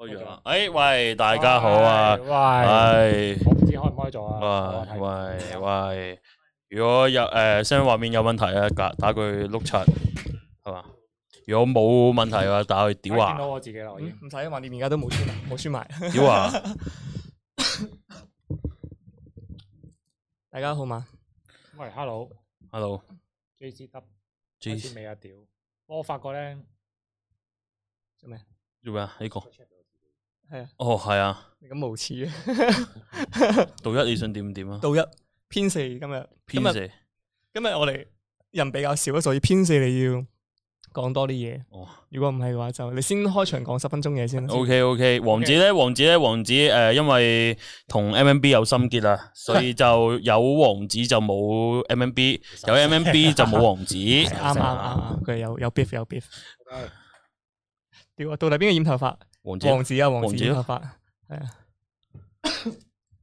誒，喂，大家好啊！喂，我唔知開唔開咗啊！喂喂喂，如果有誒，聲音畫面有問題啊，打打佢碌柒係嘛？如果冇問題嘅話，打佢屌啊！見到我自己啦，唔使啊嘛，你而家都冇輸啊，冇輸埋。屌啊！大家好嗎？喂 Hello，Hello 最接 w 最 c 尾啊屌！我發覺咧，做咩？做咩啊？呢個？哦，係啊，你咁無恥啊！道 一你想點點啊？道一篇四今日四，今日今日我哋人比較少啦，所以篇四你要講多啲嘢。哦，如果唔係嘅話，就你先開場講十分鐘嘢先啦。O K O K，王子咧，王子咧，王子誒、呃，因為同 M M B 有心結啦，所以就有王子就冇 M M B，有 M M B、啊、有 M、M、B 就冇王子。啱啱啱，啱，佢有有 beef 有 beef。屌啊！ 對到底邊個染頭髮？王，王子啊，王子係啊，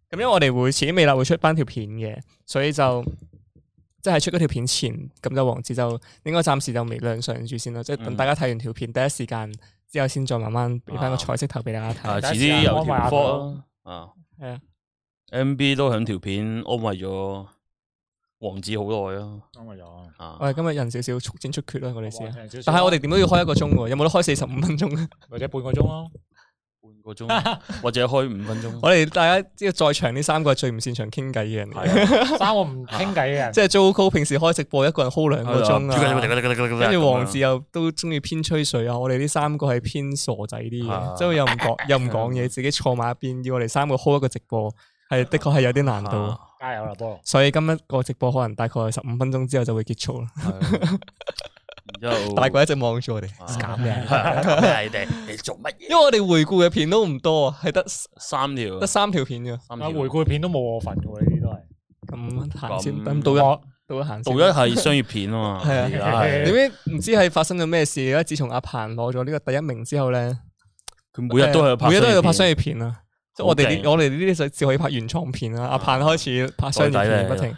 咁姐因為我哋會遲啲未來會出翻條片嘅，所以就即係、就是、出嗰條片前，咁就王子就應該暫時就未亮相住先咯，即係等大家睇完條片，第一時間之後先再慢慢畀翻個彩色頭俾、啊、大家睇、啊啊。啊，遲啲有條片啊，係啊，MMB 都響條片安慰咗。王子好耐啊，今日有，我哋今日人少少，速戰速決啦，我哋先，但係我哋點都要開一個鐘喎，有冇得開四十五分鐘啊？或者半個鐘咯，半個鐘或者開五分鐘。我哋大家即係在場呢三個最唔擅長傾偈嘅人，嚟。三個唔傾偈嘅人，即係 Joco 平時開直播，一個人 hold 兩個鐘啊，跟住王子又都中意偏吹水啊，我哋呢三個係偏傻仔啲嘅，所以又唔講又唔講嘢，自己坐埋一邊，要我哋三個 hold 一個直播，係的確係有啲難度。加油啦，波！所以今日個直播可能大概十五分鐘之後就會結束啦。然之後，大鬼一直望住我哋，搞嘅你哋，你做乜嘢？因為我哋回顧嘅片都唔多，係得三條，得三條片嘅。啊，回顧嘅片都冇我份嘅喎，呢啲都係咁行先。咁到一到一，行先。到一係商業片啊嘛。係啊，點知唔知係發生咗咩事？而家自從阿彭攞咗呢個第一名之後咧，佢每日都係每日都有拍商業片啊。即係我哋啲，我哋呢啲就只可以拍原創片啦。阿鵬開始拍商仔，片不停。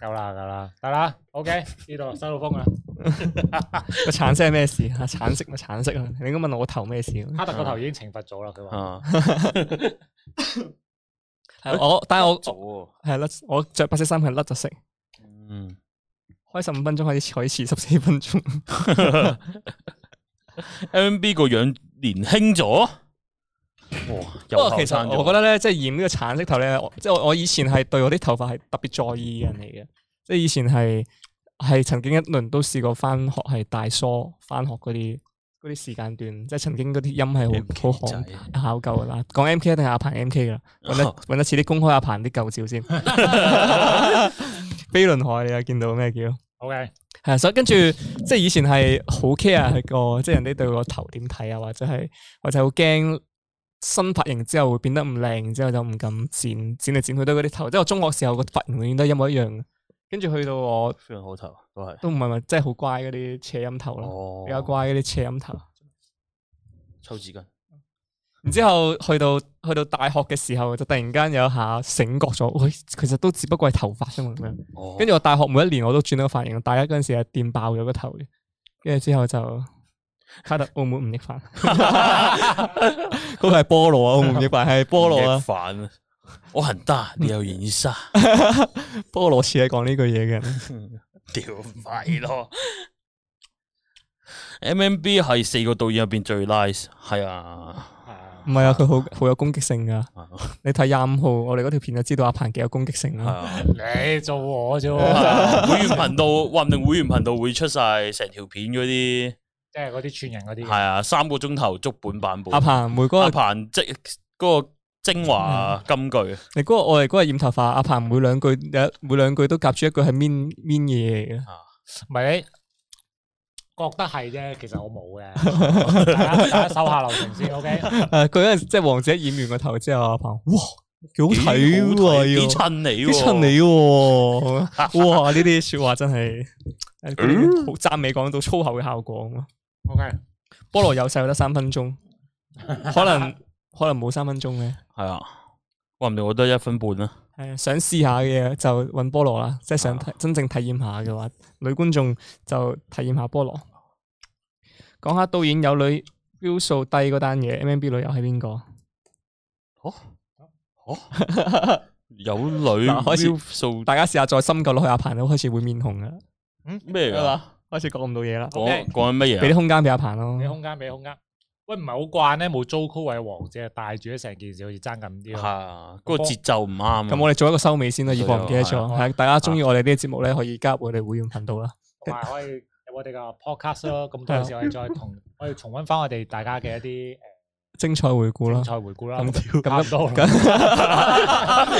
夠啦、嗯，噶、那、啦、個，得啦。 OK，知道啦，收到風啦。個 橙色係咩事啊？橙色咪橙色啊？你應該問我個頭咩事？哈特個頭已經懲罰咗啦。佢話。係我，但係我係甩。我着白色衫係甩咗色。嗯。開十五分鐘可以鐘可以遲十四分鐘。M B 個樣年輕咗。哇！不過其實我覺得咧，即係染呢個橙色頭咧，即係我以前係對我啲頭髮係特別在意嘅人嚟嘅，即係以前係係曾經一輪都試過返學係大梳返學嗰啲嗰啲時間段，即係曾經嗰啲音係好好考究噶啦。講 MK 一定係阿鵬 MK 噶啦，搵得搵 得似啲公開阿鵬啲舊照先。飛輪 海你有見到咩叫？OK，係啊，所以跟住即係以前係好 care 個，即係人哋對個頭點睇啊，或者係或者好驚。新髮型之後會變得唔靚，之後就唔敢剪，剪嚟剪去都嗰啲頭。即係我中學時候個髮型永遠都一模一樣，跟住去到我非常好頭都係，都唔係咪即係好乖嗰啲斜音頭咯，比較乖嗰啲斜音頭。抽紙、哦、巾。然之後去到去到大學嘅時候就突然間有一下醒覺咗，喂、哎，其實都只不過係頭髮啫嘛。跟住、哦、我大學每一年我都轉個髮型，大一嗰陣時係電爆咗個頭，跟住之後就。卡特澳門吳亦凡，佢係菠蘿啊！澳門吳亦凡係菠蘿啊！我很大，你又軟沙。 菠蘿似係講呢句嘢嘅，屌米咯。M M B 係四個導演入邊最 nice，係啊，唔係 啊，佢好好有攻擊性噶。 你睇廿五號我哋嗰條片就知道阿彭幾有攻擊性啊。你做我啫，會員頻道，話唔定會員頻道會出晒成條片嗰啲。即係嗰啲串人嗰啲。係啊，三個鐘頭足本版本。阿鵬，每嗰個阿鵬即嗰個精華金句。你嗰個我哋嗰個染頭髮，阿鵬每兩句每兩句都夾住一句係咩咩嘢嚟嘅。唔係，啊，覺得係啫，其實我冇嘅。 大家手下留情先，OK、 那個。誒，佢陣即係王者染完個頭之後，阿鵬哇，幾好睇喎，幾襯你，幾襯你喎。哇，呢啲說話真係好讚美，講 到粗口嘅效果。O Okay . K，菠蘿有晒得三分鐘， 可能可能冇三分鐘嘅。係啊，話唔定我得一分半啊。係啊，想試下嘅就搵菠蘿啦。即係想真正體驗下嘅話，女觀眾就體驗下菠蘿。講 下導演有女標數低嗰單嘢，MMB 女友係邊個？有女，數、M、女開始，大家試下再深究落去，阿鵬都開始會面紅啊。嗯，咩啊？ 開始講唔到嘢啦，講講乜嘢啊？俾啲空間俾阿鵬咯，俾空間俾空間。喂，唔係好慣咧，冇租區或者王姐帶住咧，成件事好似爭緊啲。係啊，嗰個節奏唔啱。咁我哋做一個收尾先啦，如果唔係我唔記得咗。係大家中意我哋啲節目咧，可以加入我哋會員頻道啦，同埋可以有我哋個 podcast 咯。咁到時我哋再同，我要重溫返我哋大家嘅一啲。精彩回顧啦，精彩回顧啦，咁早差唔多，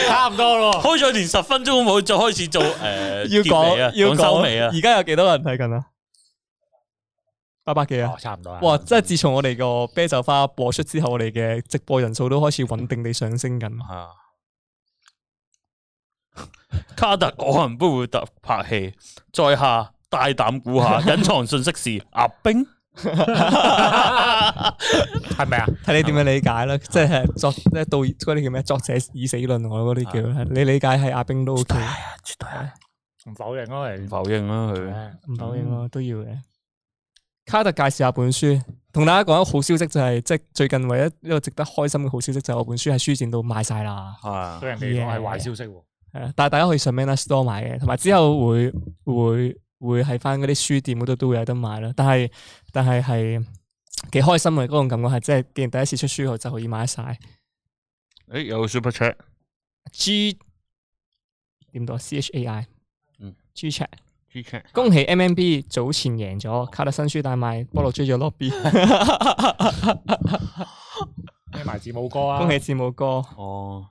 差唔多咯。 多開咗連十分鐘，我再開始做誒，uh, 要講講要講收尾啊！而家有幾多,多人睇緊啊？八百幾啊，差唔多。哇！即係自從我哋個啤酒花播出之後，我哋嘅直播人數都開始穩定地上升緊、啊。卡特可能都會拍戲，在下大膽估下，隱藏信息是阿冰。係咪 啊？睇你點樣理解啦， 即係作即係導演嗰啲叫咩？作者已死論，我嗰啲叫 你理解係阿冰都 OK。絕對啊，唔否認咯，係唔否認咯，佢唔是是否認咯，都要嘅。卡特介紹下本書，同大家講一個好消息就係、是，即係最近唯一一個值得開心嘅好消息就係，我本書喺書展度賣晒啦。雖然未落係壞消息，係啊，但係大家可以上 Manner Store 買嘅，同埋之後會會。會會係翻嗰啲書店嗰度都會有得買啦，但係但係係幾開心啊！嗰種感覺係即係，既然第一次出書後就可以買晒。誒、欸，有個 Super Chat？G 點到？C H A I，g c h a t g c h a t 恭喜 MMB 早前贏咗卡特新書大賣，菠蘿追咗 lobby。咩 埋 字母哥啊？恭喜字母哥！哦，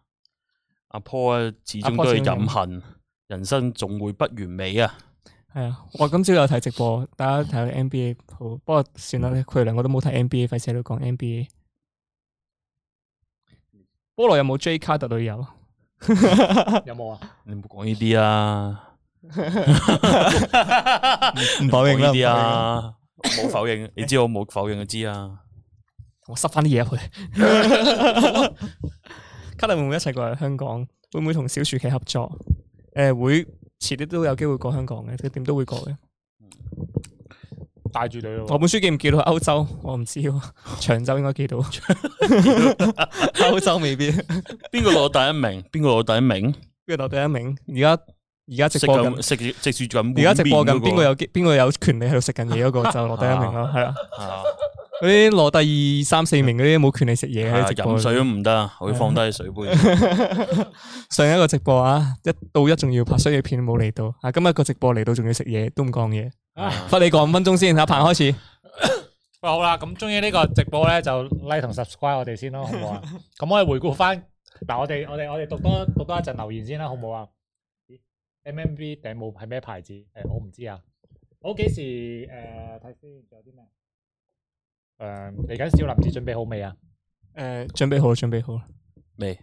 阿、啊、Paul 始終都要飲恨，啊、人生總會不完美啊！係啊，我今朝有睇直播，大家睇 NBA。不過算啦，佢兩個都冇睇 NBA，費事喺度講 NBA。菠蘿有冇 J 卡特隊友？有冇啊？你唔好講呢啲啊！唔否認呢啲啊，我冇否認，你知我冇否認，就知啊？ 我塞翻啲嘢入去、 啊。卡特會唔會一齊過嚟香港？會唔會同小薯茄合作？誒、呃，會。遲啲都有機會過香港嘅，佢點都會過嘅。帶住你咯。我本書記唔記到歐洲，我唔知。長洲應該記到，歐 洲未必。邊個攞第一名？邊個攞第一名？邊個攞第一名？而家而家直播緊，食食食住緊。而家直播緊，那個，邊個有邊個有權利喺度食緊嘢嗰個 就攞第一名咯，係 啊。 嗰啲攞第二三四名嗰啲冇權利食嘢啊！飲水都唔得， 我要放低水杯。 上一個直播啊，一到一仲要拍衰片，冇嚟到。今日個直播嚟到仲要食嘢，都唔講嘢，罰 你講五分鐘先。阿鵬開始。哎、好啦，咁中意呢個直播呢，就 l、like、i k 同 subscribe 我哋先咯，好唔好啊？咁 我哋回顧翻，嗱，我哋我哋我哋讀多讀多一陣留言先啦，好唔好啊？M M B 頂帽係咩牌子？欸、我唔知道啊。好，幾時誒？睇、呃、先，有啲咩？誒，嚟緊少林寺準備好未啊？誒，準備好啦，準備好啦。未。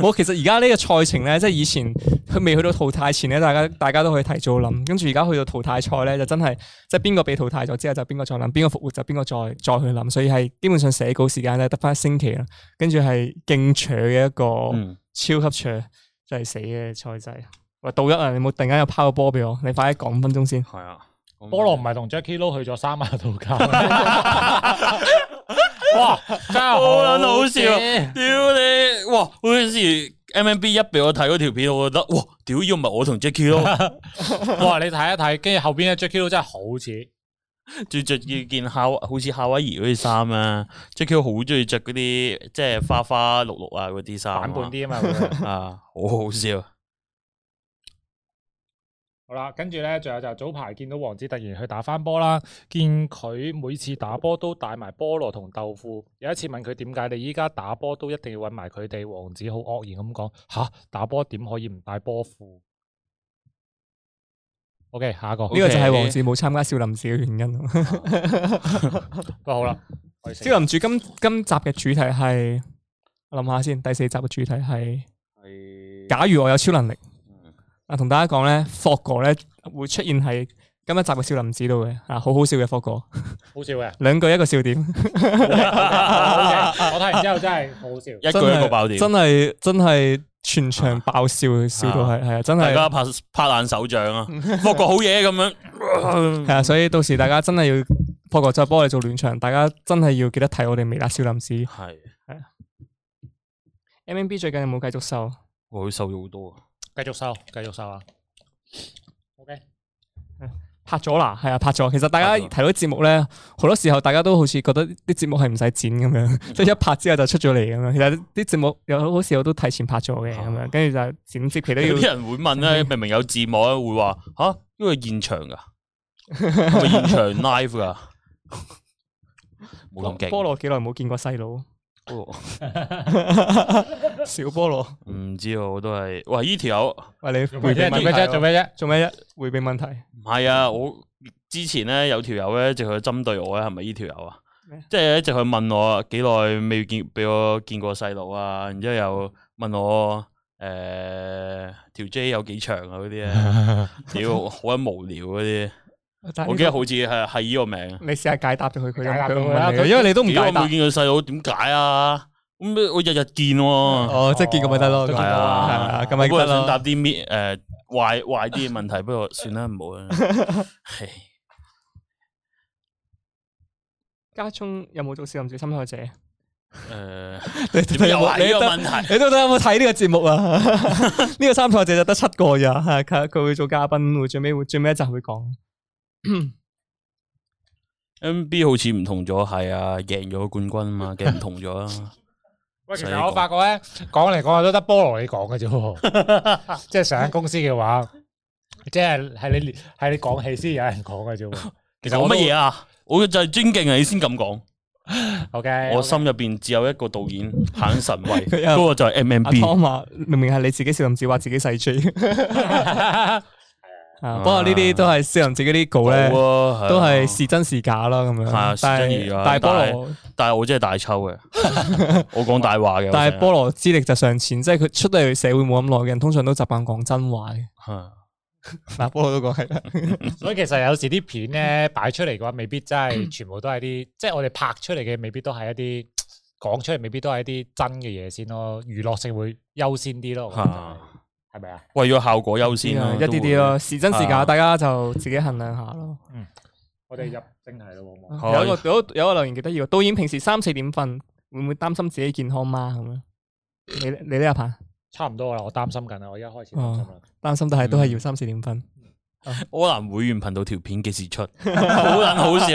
我其實而家呢個賽程咧，即係以前佢未去到淘汰前咧，大家大家都可以提早諗。跟住而家去到淘汰賽咧，就真係即係邊個被淘汰咗之後就，就邊個再諗，邊個復活就邊個再再去諗。所以係基本上寫稿時間咧，得返一星期啦。跟住係勁長嘅一個、嗯、超級長，即係死嘅賽制。喂，杜一啊，你冇突然間又拋個波俾我？你快啲講五分鐘先。係啊。菠蘿唔係同 Jackie Lou 去咗三亞度假咩？ 哇！真係好撚好笑，屌你！哇！嗰陣時 MMB 一畀我睇嗰條片，我覺得哇！屌，要唔係我同 Jackie Lou？ 哇！你睇一睇，跟住後邊嘅 Jackie Lou 真係 好似，仲要着住件夏好似夏威夷嗰啲衫啊！Jackie Lou 好中意着嗰啲即係花花綠綠啊嗰啲衫，版本啲啊嘛，好好笑。 好啦，跟住呢，最後就早排見到王子突然去打返波啦。見佢每次打波都帶埋菠蘿同豆腐。有一次問佢點解你而家打波都一定要搵埋佢哋？王子好愕然咁講：吓打波點可以唔帶波褲？OK，下一個呢個就係王子冇參加少林寺嘅原因。不過好啦，少林寺今今集嘅主題係我諗下先。第四集嘅主題係：假如我有超能力。同大家講咧，霍哥咧會出現喺今日集嘅少林寺度嘅，啊，好好笑嘅霍哥，好笑嘅，兩 句一個笑點。我睇完之後真係好笑，一句一個爆點，真係真係全場爆笑,， 笑到係係啊，真係大家拍拍爛手掌啊， 霍哥好嘢咁樣。係啊， 所以到時大家真係要霍哥再幫我哋做暖場，大家真係要記得睇我哋《微辣少林寺》的。係係啊。MMB 最近有冇繼續、哦、瘦？我佢瘦咗好多啊。繼續收，繼續收啊！O K，拍咗啦，係啊，拍咗。其實大家睇到節目咧，好了多時候大家都好似覺得啲節目係唔使剪咁樣，即係 一拍之後就出咗嚟咁樣。其實啲節目有好多時候都提前拍咗嘅咁樣，跟住 就剪接其實都要有啲人會問咧，明明有字幕，會話吓，因、啊、為現場噶， 係係現場 live 噶，冇咁勁。菠蘿幾耐冇見過細佬？ 小菠蘿蘿，唔知啊，我都係，喂，呢條友，喂，你回避問題做咩啫？做咩啫？回避問題，唔係啊，我之前咧有條友咧一直去針對我啊，係咪呢條友啊？麼即係一直去問我幾耐未見，俾我見過細路啊？然之後又問我，誒、呃，條 J 有幾長啊？嗰啲啊，屌， 好鬼無聊嗰啲。我記得好似係係呢個名。你試下解答咗佢佢嘅問題，因為你都唔解對見佢細佬，點解啊？咁我日日見喎，哦，即係見過咪得咯。係啊，咁咪得咯。如果想答啲咩誒壞壞啲嘅問題，不過算啦，唔好啦。嘿，家中有冇做少少參賽者？誒，你有冇？你都你都有冇睇呢個節目啊？呢個參賽者就得七個咋。佢佢會做嘉賓，會最尾會最尾一集會講。 M B 好似唔同咗，係啊，贏咗冠軍啊嘛，嘅唔同咗啊。喂， 其實我發覺咧，講嚟講去都得菠蘿你講嘅啫， 即係成間公司嘅話，即係係你係你講戲先有人講嘅啫。其實我乜嘢啊？我就係尊敬啊，你先咁講。O K，我心入邊只有一個導演肯神慧，嗰 有個就係 M M B，啊。阿湯明明係你自己笑林子話自己細 J。 不過呢啲都係私人自己啲稿咧，都係是真是假啦咁樣。但係但係菠蘿，但係我真係大抽嘅，我講大話嘅。但係菠蘿資歷就尚淺，即係佢出到嚟社會冇咁耐嘅人，通常都習慣講真話嘅。嗱，菠蘿都講係啦。所以其實有時啲片咧擺出嚟嘅話，未必真係全部都係啲，即係我哋拍出嚟嘅未必都係一啲講出嚟未必都係一啲真嘅嘢先咯。娛樂性會優先啲咯。係咪啊？為咗效果優先啊，一啲啲咯，是真是假，大家就自己衡量下咯。嗯，我哋入正題咯。有一個有一個留言幾得要，導演平時三四點瞓，會唔會擔心自己健康嘛？咁樣，你你呢一排？差唔多啦，我擔心緊啊，我而家開始擔心啦。擔心但係都係要三四點瞓。柯南會員頻道條片幾時出？好冷好笑，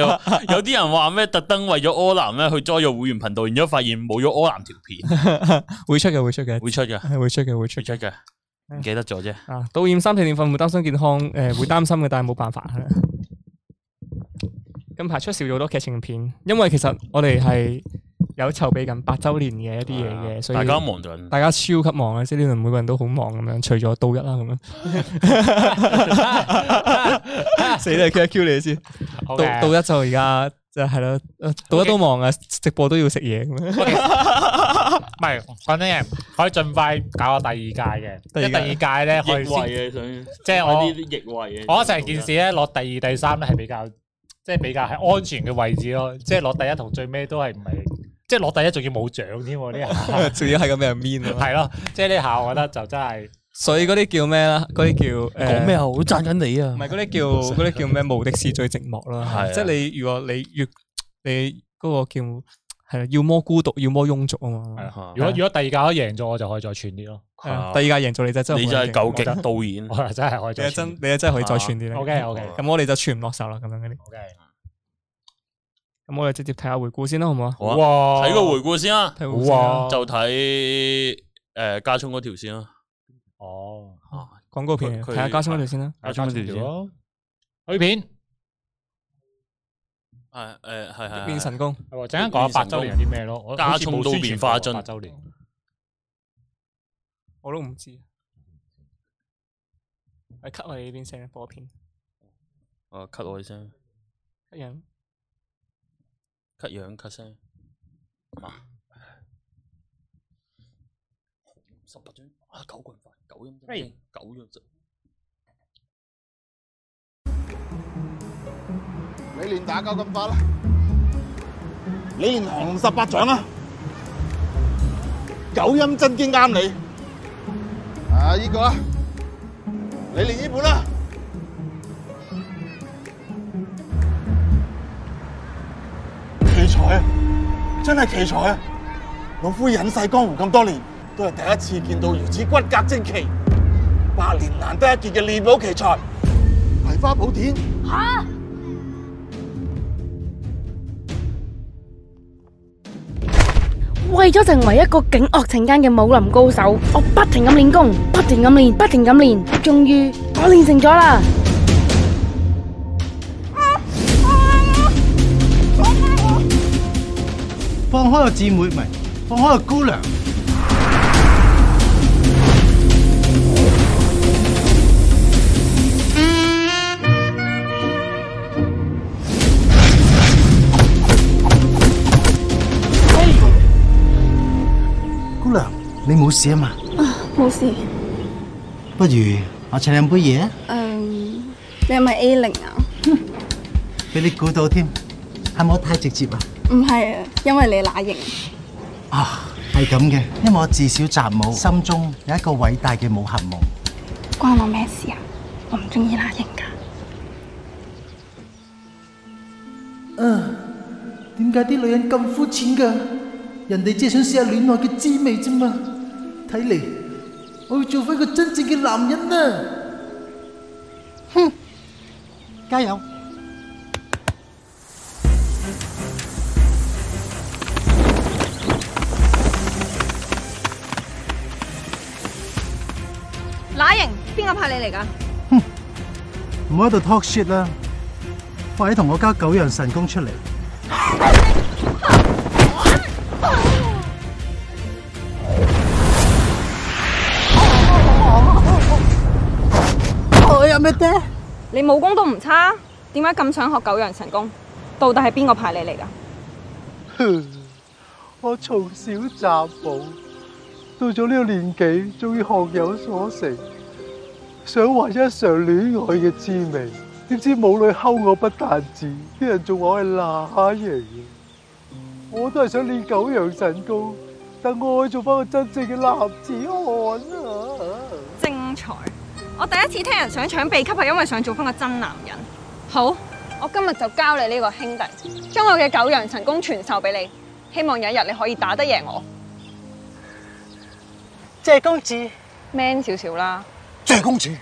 有啲人話咩？特登為咗柯南咧去 j 咗 i n 會員頻道，然之後發現冇咗柯南條片。會出嘅會出嘅會出嘅會出嘅會出出嘅。唔記得咗啫。啊，導演三四點瞓會擔心健康，誒、呃，會擔心嘅，但係冇辦法。近排出少咗好多劇情片，因為其實我哋係有籌備緊八周年嘅一啲嘢嘅，啊、所以大家忙咗，大家超級忙啊！即係呢輪每個人都好忙咁樣，除咗刀一啦咁樣，死啦、啊 就是、！Q Q 你先，刀刀 Okay. 一就而家。就係咯，大家都忙啊！Okay. 直播都要食嘢咁啊，唔係 Okay. 講真可以盡快搞下第二屆嘅，即係第二屆咧可以即係我呢啲逆位嘅。我成件事咧落第二、第三咧係比較，即、就、係、是、比較係安全嘅位置咯。即係落第一同最尾都係唔係，即係落第一仲、啊、 要冇獎添，仲要係咁樣面係咯，即係呢下我覺得就真係。所以嗰啲叫咩啦？嗰啲叫誒，講咩啊？我好讚緊你啊！唔係嗰啲叫嗰啲叫咩？無敵是最寂寞啦，即係你如果你越你嗰個叫係要麼孤獨要麼庸俗啊嘛。如果如果第二屆我贏咗，我就可以再串啲咯。第二屆贏咗，你就真你就係究竟導演，真係可以真你真係可以再串啲啦。OK OK，咁我哋就串唔落手啦。咁樣嗰啲。OK，咁我哋直接睇下回顧先啦，好唔好？好啊，睇個回顧先啦！睇回顧啊，就睇誒家聰嗰條先啦。哦，廣告片，睇下加什麼條先啦。加什麼條？去片，誒誒，係係。變神功，係喎。陣間講下八周年啲咩咯？加葱都變化陣。我都唔知。cut 我哋呢邊聲，播片。我 cut 我啲聲。cut 樣。cut 樣 cut 聲。十八張啊，九棍法。九陰，九陰真。你練打九金花啦，你練行十八掌啊，九陰真經啱你。啊，呢個啊，你練呢本啦，奇才啊，真係奇才啊！老夫隱世江湖咁多年。都係第一次見到如此骨骼精奇、百年難得一見嘅練武奇才，葵花寶典。吓！為咗成為一個警惡懲奸嘅武林高手，我不停咁練功，不停咁練，不停咁練，終於我練成咗啦！放開我！放開我！放開我！放開個姊妹咪，放開個姑娘。你冇事啊嘛？啊，冇事。不如我請兩杯嘢。嗯，你係咪 A 零啊？俾你估到添，係咪太直接啊？唔係啊，因為你乸型。啊，係咁嘅，因為我自小習武，心中有一個偉大嘅武俠夢。關我咩事啊？我唔中意乸型噶。嗯，點解啲女人咁膚淺噶？人哋只係想試下戀愛嘅滋味啫嘛。睇嚟，我要做翻個真正嘅男人啦！哼，加油！乸型，邊個派你嚟噶？哼，唔好喺度 talk shit 啦！快啲同我交九陽神功出嚟！武功都唔差，點解咁想學九陽神功？到底係邊個派你嚟噶？ 我從小習武，到咗呢個年紀終於學有所成，想話一嘗戀愛嘅滋味，點知冇女溝我不單止，啲人仲話我係乸型啊！我都係想練九陽神功，等我可以做翻個真正嘅男子漢啊！精彩。我第一次聽人想搶秘笈係因為想做翻個真男人。好，我今日就教你呢個兄弟，將我嘅九陽神功傳授俾你。希望有一日你可以打得贏我。謝公子，man 少少啦。謝公子，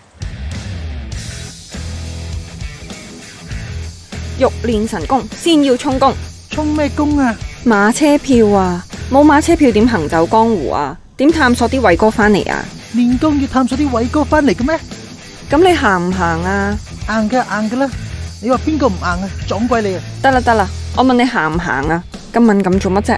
欲練神功，先要充功。充咩功啊？馬車票啊！冇馬車票點行走江湖啊？點探索啲偉哥翻嚟啊？年關要探索啲偉哥翻嚟嘅咩？咁你行唔行啊？硬嘅硬嘅啦！你話邊個唔硬啊？撞鬼你啊！得啦得啦，我問你行唔行啊？咁敏感做乜啫？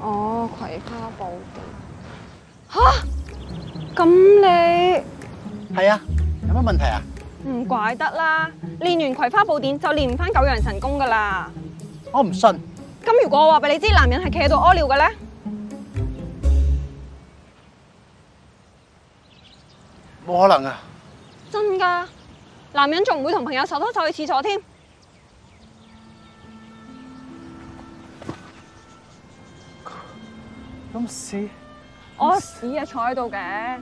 哦，葵花寶典。吓、啊，咁你係啊？有乜問題啊？唔怪得啦，練完葵花寶典就練唔翻九陽神功噶啦。我唔信。咁如果我話俾你知，男人係企喺度屙尿嘅咧，冇可能啊！真噶，男人仲唔會同朋友手拖手去廁所添？咁屎，屎我屎啊，坐喺度嘅，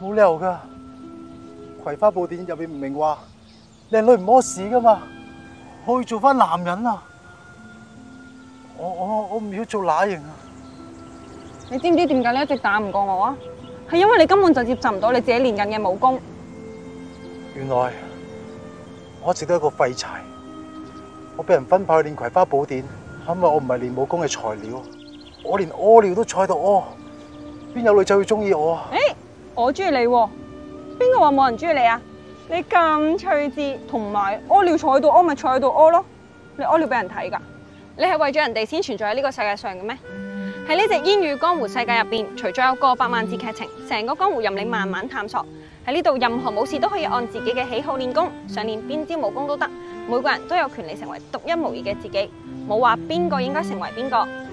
冇理由噶。葵花寶典入邊唔明話，靚女唔屙屎噶嘛，可以做翻男人啊！我我我唔要做乸型啊！你知唔知點解你一直打唔過我啊？係因為你根本就接受唔到你自己練緊嘅武功。原來我一直都係一個廢柴，我俾人分派去練葵花寶典，係咪我唔係練武功嘅材料？我連屙尿都坐喺度屙，邊有女仔會中意我？欸、我啊？誒，我中意你喎，邊個話冇人中意你啊？你咁趣致，同埋屙尿坐喺度屙，咪、啊、坐喺度屙咯？你屙尿俾人睇噶？你係為咗人哋先存在喺呢個世界上嘅咩？喺呢隻煙雨江湖世界入邊，除咗有過百萬字劇情，成個江湖任你慢慢探索。喺呢度任何武士都可以按自己嘅喜好練功，想練邊招武功都得。每個人都有權利成為獨一無二嘅自己，冇話邊個應該成為邊個。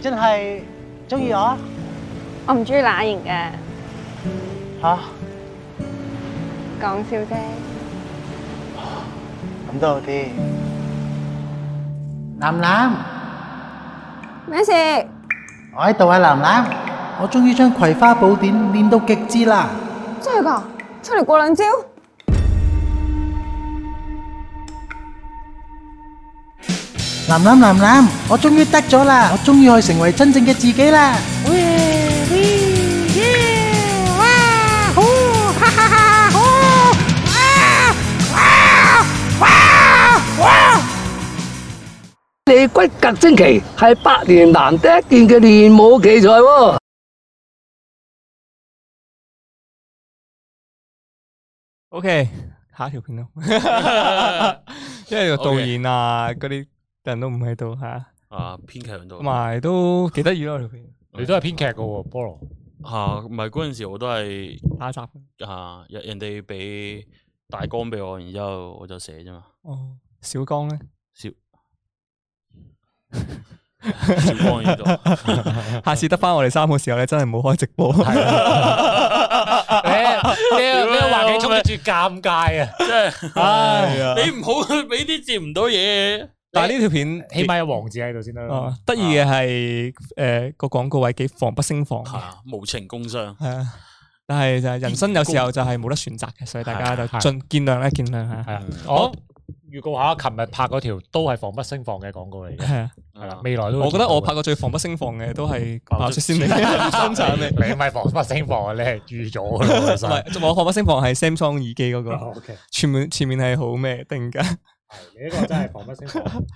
真係中意我？我唔中意乸型嘅。吓，講笑啫。咁都好啲，藍藍？咩事？我喺度啊藍藍，我終於將葵花寶典練到極致啦！真係噶，出嚟過兩招。林林林林，我終於得咗啦！我終於可以成為真正嘅自己啦！哇！好哈哈哈！哇哇哇哇！你骨骼精奇，係百年難得見嘅練武奇才喎。OK，下一條片咯，因為個導演啊嗰啲。人都唔喺度，係啊，啊，編劇喺度，同埋都幾得意咯條片。你都係編劇噶喎，菠蘿。啊，唔係嗰陣時我都係打雜。吓，人哋畀大綱畀我，然之後我就寫啫嘛。哦，小江咧？小。小江喺度。下次得翻我哋三個時候咧，真係唔好開直播。啊，你都話幾得住，尷尬啊！真係，唉，你唔好去畀啲接唔到嘢。但係呢條片起碼有黃字喺度先得。哦，得意嘅係誒個廣告位幾防不勝防。係啊，無情工傷。係啊，但係就係人生有時候就係冇得選擇嘅，所以大家就盡量見諒啦，見諒啦。係啊，我預告下，琴日拍嗰條都係防不勝防嘅廣告嚟。係係啦，未來都。我覺得我拍過最防不勝防嘅都係爆出先嚟生產咩？你唔係防不勝防，你係預咗。唔係我防不勝防係 Samsung 耳機嗰個，全面前面係好咩突然間。係你呢個真係防不勝佛。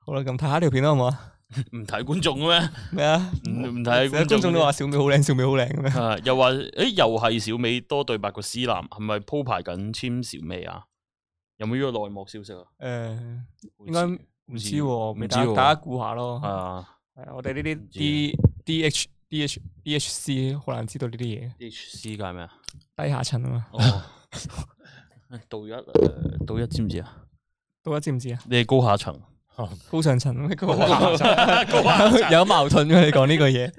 好啦，咁睇下條片啦，好唔好啊？唔睇觀眾嘅咩？咩啊？唔唔睇觀眾都話小美好靚，小美好靚咩？又話誒，又係小美多對白個 C 男，係咪鋪排緊簽小美啊？ 有冇呢個內幕消息、呃、該啊？誒，應該唔知，未大家估下咯。係啊，係我哋呢啲 D D H D H, D H, D, H C, D H C 好難知道呢啲嘢。D H C 係咩啊？低下層啊嘛。到一，到一知唔知啊？到一知唔知啊？你係高下層，高上層，高下層有矛盾嘅。你講呢個嘢，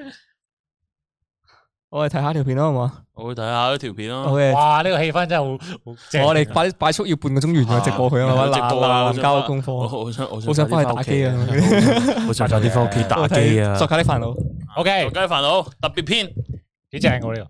我哋睇下條片啦，好唔好？我會睇下條片啦。哇，呢個氣氛真係好正。我哋快快速要半個鐘完，我直過去啊嘛。直播啦，交功課。好想好想翻去打機啊！好想快啲翻屋企打機啊！作家啲煩惱，OK，作家啲煩惱，特別篇幾正我呢個？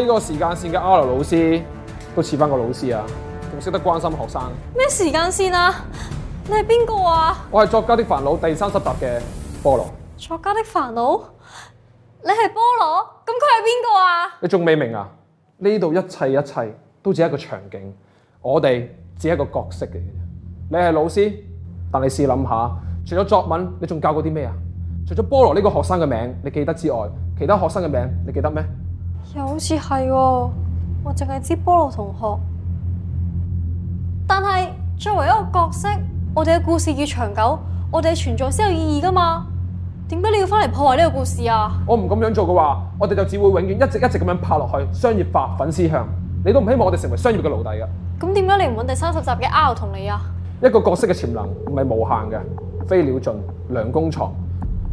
呢個時間線嘅阿羅老師都似翻個老師啊，仲識得關心學生。咩時間線啊？你係邊個啊？我係作家的煩惱第三十集嘅菠蘿。作家的煩惱？煩惱你係菠蘿？咁佢係邊個啊？你仲未明啊？呢度一切一切都只係一個場景，我哋只係一個角色嚟嘅。你係老師，但你試諗下，除咗作文，你仲教過啲咩啊？除咗菠蘿呢個學生嘅名你記得之外，其他學生嘅名你記得咩？又好似係，哦，我淨係知菠羅同學。但係作為一個角色，我哋嘅故事越長久，我哋嘅存在先有意義噶嘛？點解你要翻嚟破壞呢個故事啊？我唔咁樣做嘅話，我哋就只會永遠一直一直咁樣拍落去，商業化、粉絲向，你都唔希望我哋成為商業嘅奴隸噶。咁點解你唔搵第三十集嘅 R 同你啊？一個角色嘅潛能唔係無限嘅，飛鳥盡，良弓藏。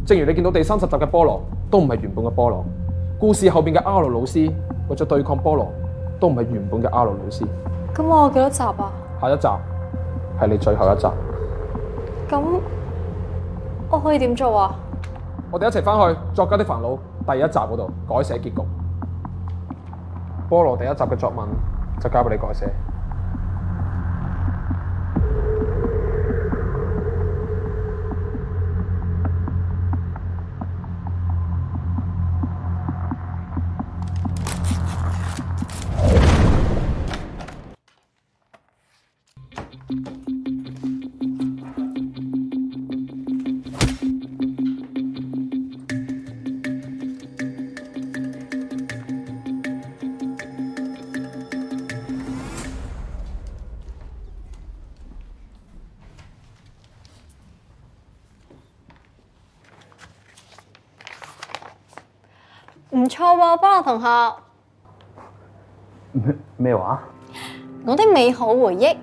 正如你見到第三十集嘅菠羅，都唔係原本嘅菠羅。故事後邊嘅阿羅老師，為咗對抗菠蘿，都唔係原本嘅阿羅老師。咁我有幾多集啊？下一集係你最後一集。咁我可以點做啊？我哋一齊翻去作家的煩惱第一集嗰度改寫結局。菠蘿第一集嘅作文就交俾你改寫。同學，咩話麼？我的美好回憶，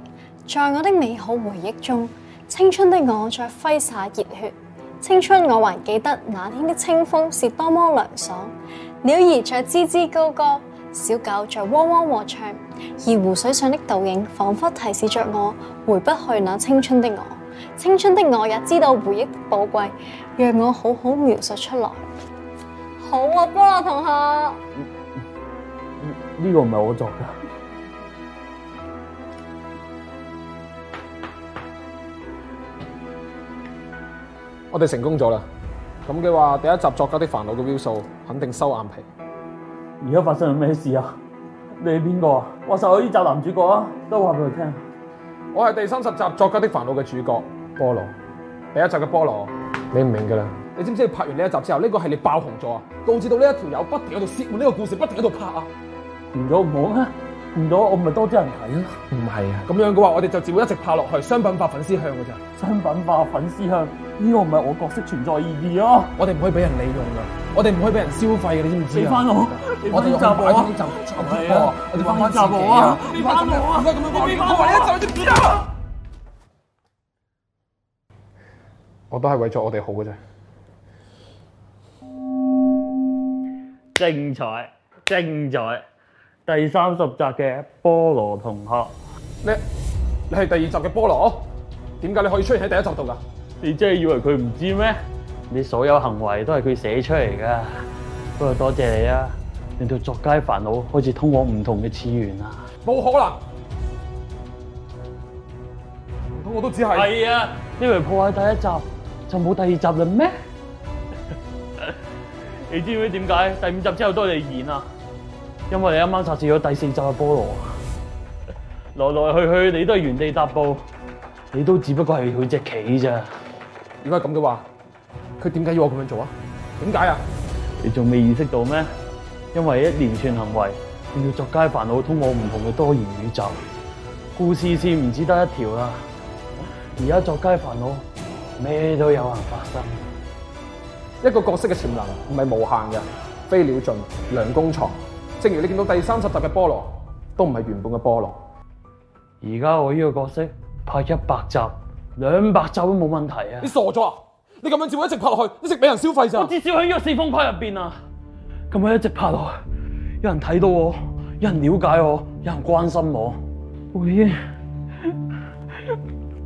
在我的美好回憶中，青春的我在揮灑熱血。青春我還記得那天的清風是多麼涼爽，鳥兒在吱吱高歌，小狗在汪汪和唱。而湖水上的倒影，仿佛提示着我回不去那青春的我。青春的我也知道回憶的寶貴，讓我好好描述出來。好啊，菠蘿同學。呢個唔係我做噶。 我哋成功咗啦。咁嘅話，第一集作家的煩惱嘅 view 數肯定收眼皮。而家發生咗咩事啊？你係邊個啊？我就係呢集男主角啊。都話俾佢聽，我係第三十集作家的煩惱嘅主角菠蘿。第一集嘅菠蘿，你唔明噶啦。你知唔知你拍完呢一集之後，呢、這個係你爆紅咗啊，導致到呢一條友不停喺度涉換呢個故事，不停喺度拍啊。紅咗唔好啊！紅咗我唔咪多啲人睇咯。唔係啊，咁樣嘅話我哋就只會一直拍落去商品化粉絲向嘅咋！商品化粉絲向呢、這個唔係我角色存在意義咯，啊。我哋唔可以俾人利用噶，我哋唔可以俾人消費嘅，你知唔知你翻我，翻我哋唔可以直播啊！唔可以直播啊！我哋翻，啊、翻我！啊！你翻我啊！點解咁樣講？我為咗你做啲咩啊？翻我，我都係為咗我哋好嘅啫。精彩，精彩！第三十集嘅菠蘿同學，你你係第二集嘅菠蘿，點解你可以出現喺第一集度噶？你真係以為佢唔知咩？你所有行為都係佢寫出嚟噶。不過多謝你啊，令到作家煩惱開始通往唔同嘅次元啊！冇可能，唔通我都只係係啊！因為破壞喺第一集，就冇第二集啦咩？你知唔知點解第五集之後都嚟演啊？因為你啱啱殺死咗第四集嘅菠蘿，來來去去你都係原地踏步，你都只不過係佢隻棋咋。如果係咁嘅話，佢點解要我咁樣做啊？點解啊？你仲未意識到咩？因為一連串行為令到作家煩惱，通往唔同嘅多元宇宙，故事先唔止得一條啦。而家作家煩惱咩都有可能發生。一個角色嘅潛能唔係無限嘅，飛鳥盡，良弓藏。正如你見到第三十集嘅菠蘿，都唔係原本嘅菠蘿。而家我呢個角色拍一百集、兩百集都冇問題啊！你傻咗啊？你咁樣照一直拍落去，你食俾人消費咋？我至少喺呢個四方塊入邊啊！咁樣一直拍落去，有人睇到我，有人了解我，有人關心我。我已經，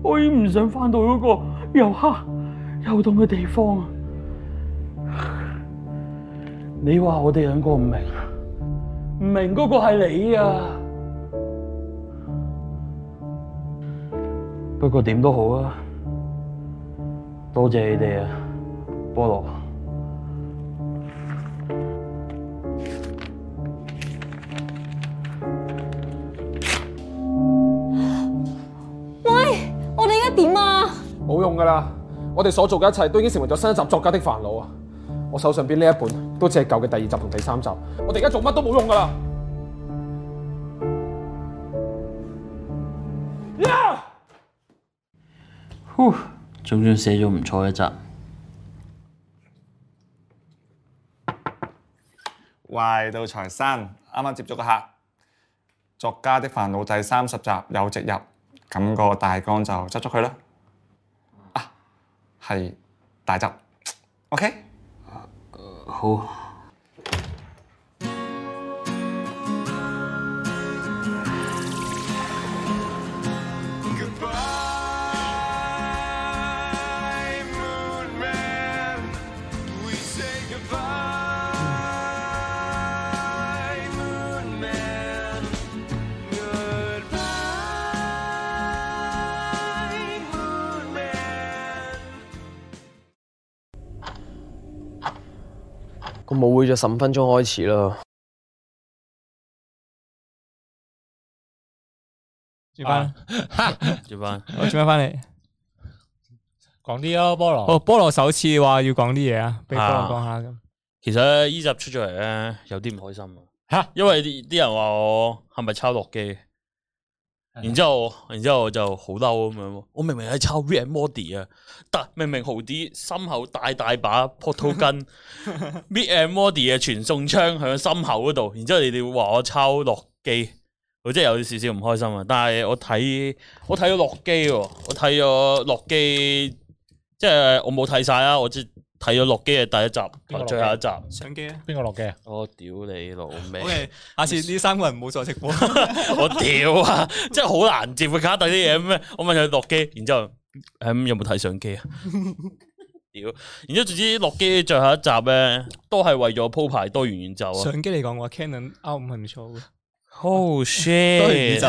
我已經唔想翻到嗰個又黑又凍嘅地方。你話我哋兩個唔明，唔明嗰個係你啊！不過點都好啊，多謝你哋啊，菠蘿。喂，我哋而家點啊？冇用噶啦，我哋所做嘅一切都已經成為咗新一集作家的煩惱啊！我手上邊呢一本都只係舊嘅第二集同第三集，我哋而家做乜都冇用㗎喇。呼，總算寫咗唔錯嘅一集。壞到財神，啱啱接咗個客。作家的煩惱第三十集有植入，咁個大綱就執咗佢啦。啊，係大集，OK。好。冇會，再十五分鐘開始啦。朱班，朱班，我做咩翻嚟？講啲啊菠蘿。哦，菠蘿首次話要講啲嘢啊，俾菠蘿講下咁。其實呢集出咗嚟咧，有啲唔開心啊。吓，因為啲人話我係咪抄洛基？然之後，然之後我就好嬲咁樣咯。我明明係抄 Vand Modi，e，啊，但明明豪啲心口大大把樖土根，Vand Modi 嘅傳送槍響心口度。然之後你哋會話我抄洛基，我真係有少少唔開心啊。但係我睇我睇咗洛基喎，我睇咗洛基，即係我冇睇晒啊，我知。睇咗落機嘅第一集啊，最後一集相機啊，邊個落機啊？我屌你老味！喂，下次呢三個人唔好再直播，我屌啊！真係好難接，會卡底啲嘢咩？我問佢落機，然之後，誒，有冇睇相機啊？屌！然之後總之落機最後一集咧，都係為咗鋪排多元宇宙啊！相機嚟講，嘅話 Canon R5 係唔錯嘅。Oh shit！多元宇宙。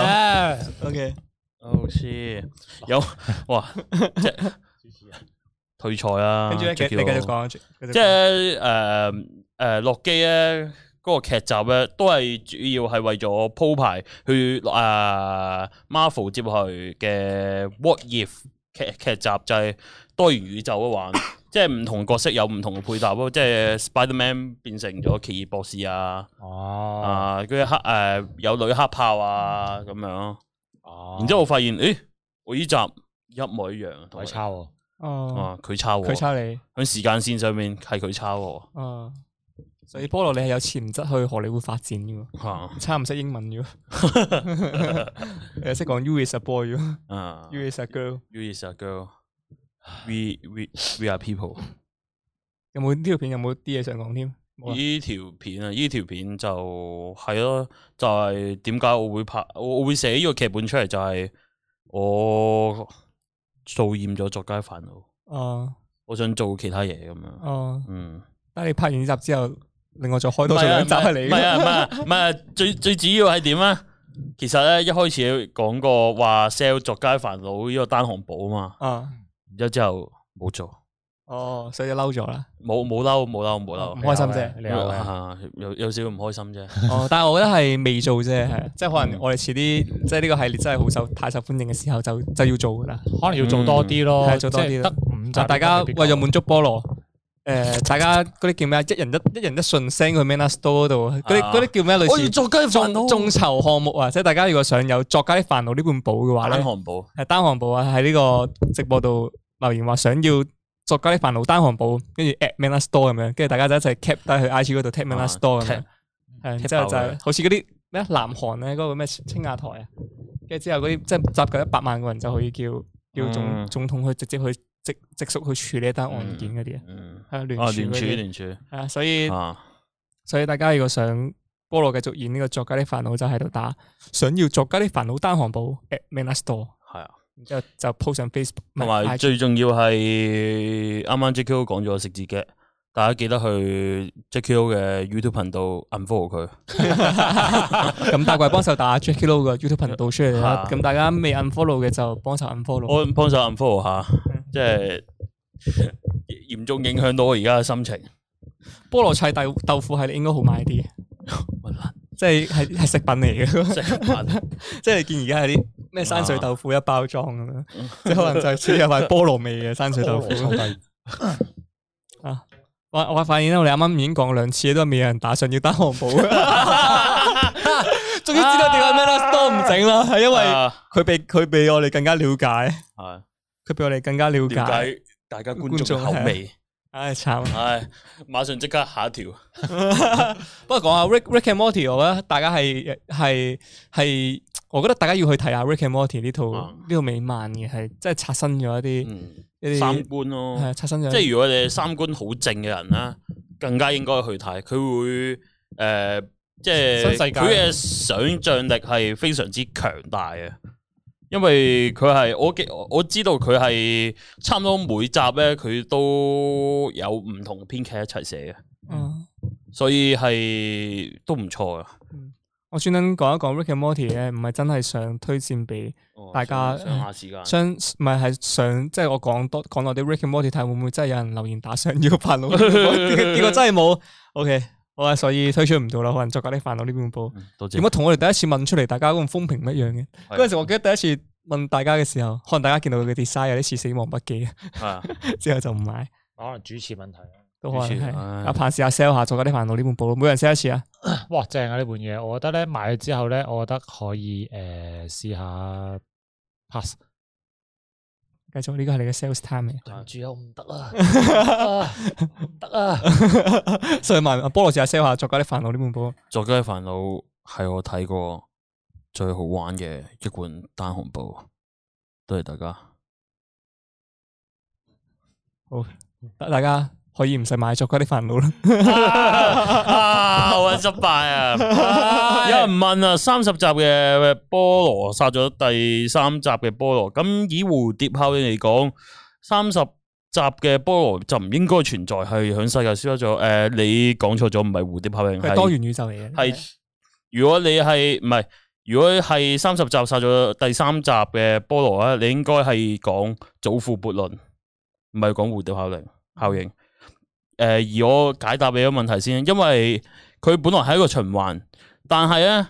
Okay。Oh shit！有哇。退賽啊，跟住咧，你繼續講，即係誒誒，洛基咧嗰個劇集咧，都係主要係為咗鋪排去誒、uh, Marvel 接佢嘅 What If 劇劇集，集，就係、是、多元宇宙嘅話， 即係唔同角色有唔同嘅配搭咯， 即係 Spider-Man 變成咗奇異博士啊，哦，啊，佢黑誒有女黑豹啊，咁樣，哦，然之後我發現誒，我呢集一模一樣，同你抄。哦，佢抄、啊，佢抄你喺時間線上面係佢抄我。嗯、啊，所以菠羅你係有潛質去荷里活發展㗎，啊、差唔識英文要，你識講 You is a boy 要，You is a girl，You is a girl，We we we are people。有冇呢條片有冇啲嘢想講添？呢條片啊，呢條片就係咯，就係點解我會拍，我會寫呢個劇本出嚟就係、是、我。做厭咗作家煩惱，哦、啊，我想做其他嘢咁樣，啊、嗯，但係你拍完呢集之後，另外再開多做兩集係你，唔係啊，唔係唔係，最 最主要係點啊？其實咧一開始講過話 sell 作家煩惱呢個單行本啊嘛，之後冇做。哦，所以就嬲咗啦？冇冇嬲，冇嬲，冇嬲，唔開心啫，你有有少少唔開心啫。哦，但係我覺得係未做啫，係即係可能我哋遲啲，即係呢個系列真係好受太受歡迎嘅時候，就就要做噶啦。可能要做多啲咯，即係得五集。大家為咗滿足菠蘿誒，大家嗰啲叫咩啊？一人一一人一 s e 訊聲去 Manner Store 度，嗰啲啲叫咩啊？類似作家的眾籌項目啊，即係大家如果想有作家啲煩惱呢本簿嘅話，單行簿係單行簿啊，喺呢個直播度留言話想要。作家啲煩惱單行本，跟住 at manner store 咁樣，跟住大家就一齊 cap 低去 I G 嗰度 at manner store 咁樣，係，之後就係好似嗰啲咩啊，南韓咧嗰個咩青瓦台啊，跟住之後嗰啲即係集夠一百萬個人就可以叫、嗯、叫總總統去直接去直接直屬去處理單案件嗰啲、嗯嗯、啊，啊聯署啊聯署係啊，所以、啊、所以大家如果想菠羅繼續演呢個作家啲煩惱就喺度打，想要作家啲煩惱單行本 at manner store 係啊。然之後就鋪上 Facebook，同埋最重要係啱啱 JK 講咗食字嘅，大家記得去 JK 嘅 YouTube 頻道 unfollow 佢。咁大個幫手打 JK 嘅 YouTube 頻道出嚟啦。咁大家未 unfollow 嘅就幫手 unfollow。我幫手 unfollow 下，即係嚴重影響到我而家嘅心情。菠蘿菜豆豆腐係，你應該好賣啲，即係係係食品嚟嘅，即係見而家係啲。咩山水豆腐一包裝咁樣，啊、即係可能就係似一塊菠蘿味嘅山水豆腐 啊，我我發現我哋啱啱已經講兩次都未有人打上，要打漢堡。終於知道點解咩啦，都唔整啦，係因為佢俾佢俾我哋更加了解。係、啊，佢俾我哋更加了解大家觀眾口味。啊、唉慘唉，馬上即刻下一條。啊、 不過講下 Rick Rick and Morty，我覺得大家係係係。我覺得大家要去睇下 Rick and Morty 呢套呢、啊、套美漫嘅，係即係刷新咗一啲一啲三觀咯，係刷新咗。即係如果你係三觀好正嘅人啦，嗯、更加應該去睇。佢會誒、呃，即係新世界、佢嘅想象力係非常之強大嘅，因為佢係我記我知道佢係差唔多每集咧，佢都有唔同編劇一齊寫嘅，嗯、所以係都唔錯嘅。嗯我專登講一講 Rick and Morty 咧，唔係真係想推薦俾大家。哦、想唔係係想，即係我講多講多啲 Rick and Morty，睇會唔會真係有人留言打賞要煩惱？結 果真係冇。OK，好啊，所以推出唔到啦，可能作家啲煩惱呢邊冇。多謝。有冇同我哋第一次問出嚟，大家都種風評一樣嘅？嗰陣的我記得第一次問大家嘅時候，可能大家見到佢嘅 design 有啲似死亡筆記的 之後就唔買。可能、啊、主持問題都好啊！阿鵬試下 sell 下作家啲煩惱呢本簿，每人 sell 一次啊！哇，正啊！呢本嘢，我覺得咧買咗之後咧，我覺得可以誒試、呃、下 pass。繼續呢個係你嘅 sales time 嚟，對唔住我唔得啦，唔得啊！所以賣阿波羅試下 sell 下作家啲煩惱呢本簿。作家啲煩惱係我睇過最好玩嘅一本單行本。多謝大家。好，得大家。可以唔使買作嗰啲煩惱啦、啊。啊，好失敗啊！ 有人問啊，三十集嘅菠蘿殺咗第三集嘅菠蘿。咁以蝴蝶效應嚟講，三十集嘅菠蘿就唔應該存在，係響世界上消失咗、呃。你講錯咗，唔係蝴蝶效應，係多元宇宙嚟嘅。係是是，如果你係唔係？如果係三十集殺咗第三集嘅菠蘿咧，你應該係講祖父悖論，唔係講蝴蝶效應效應。誒，而我解答你個問題先，因為佢本來係一個循環，但係咧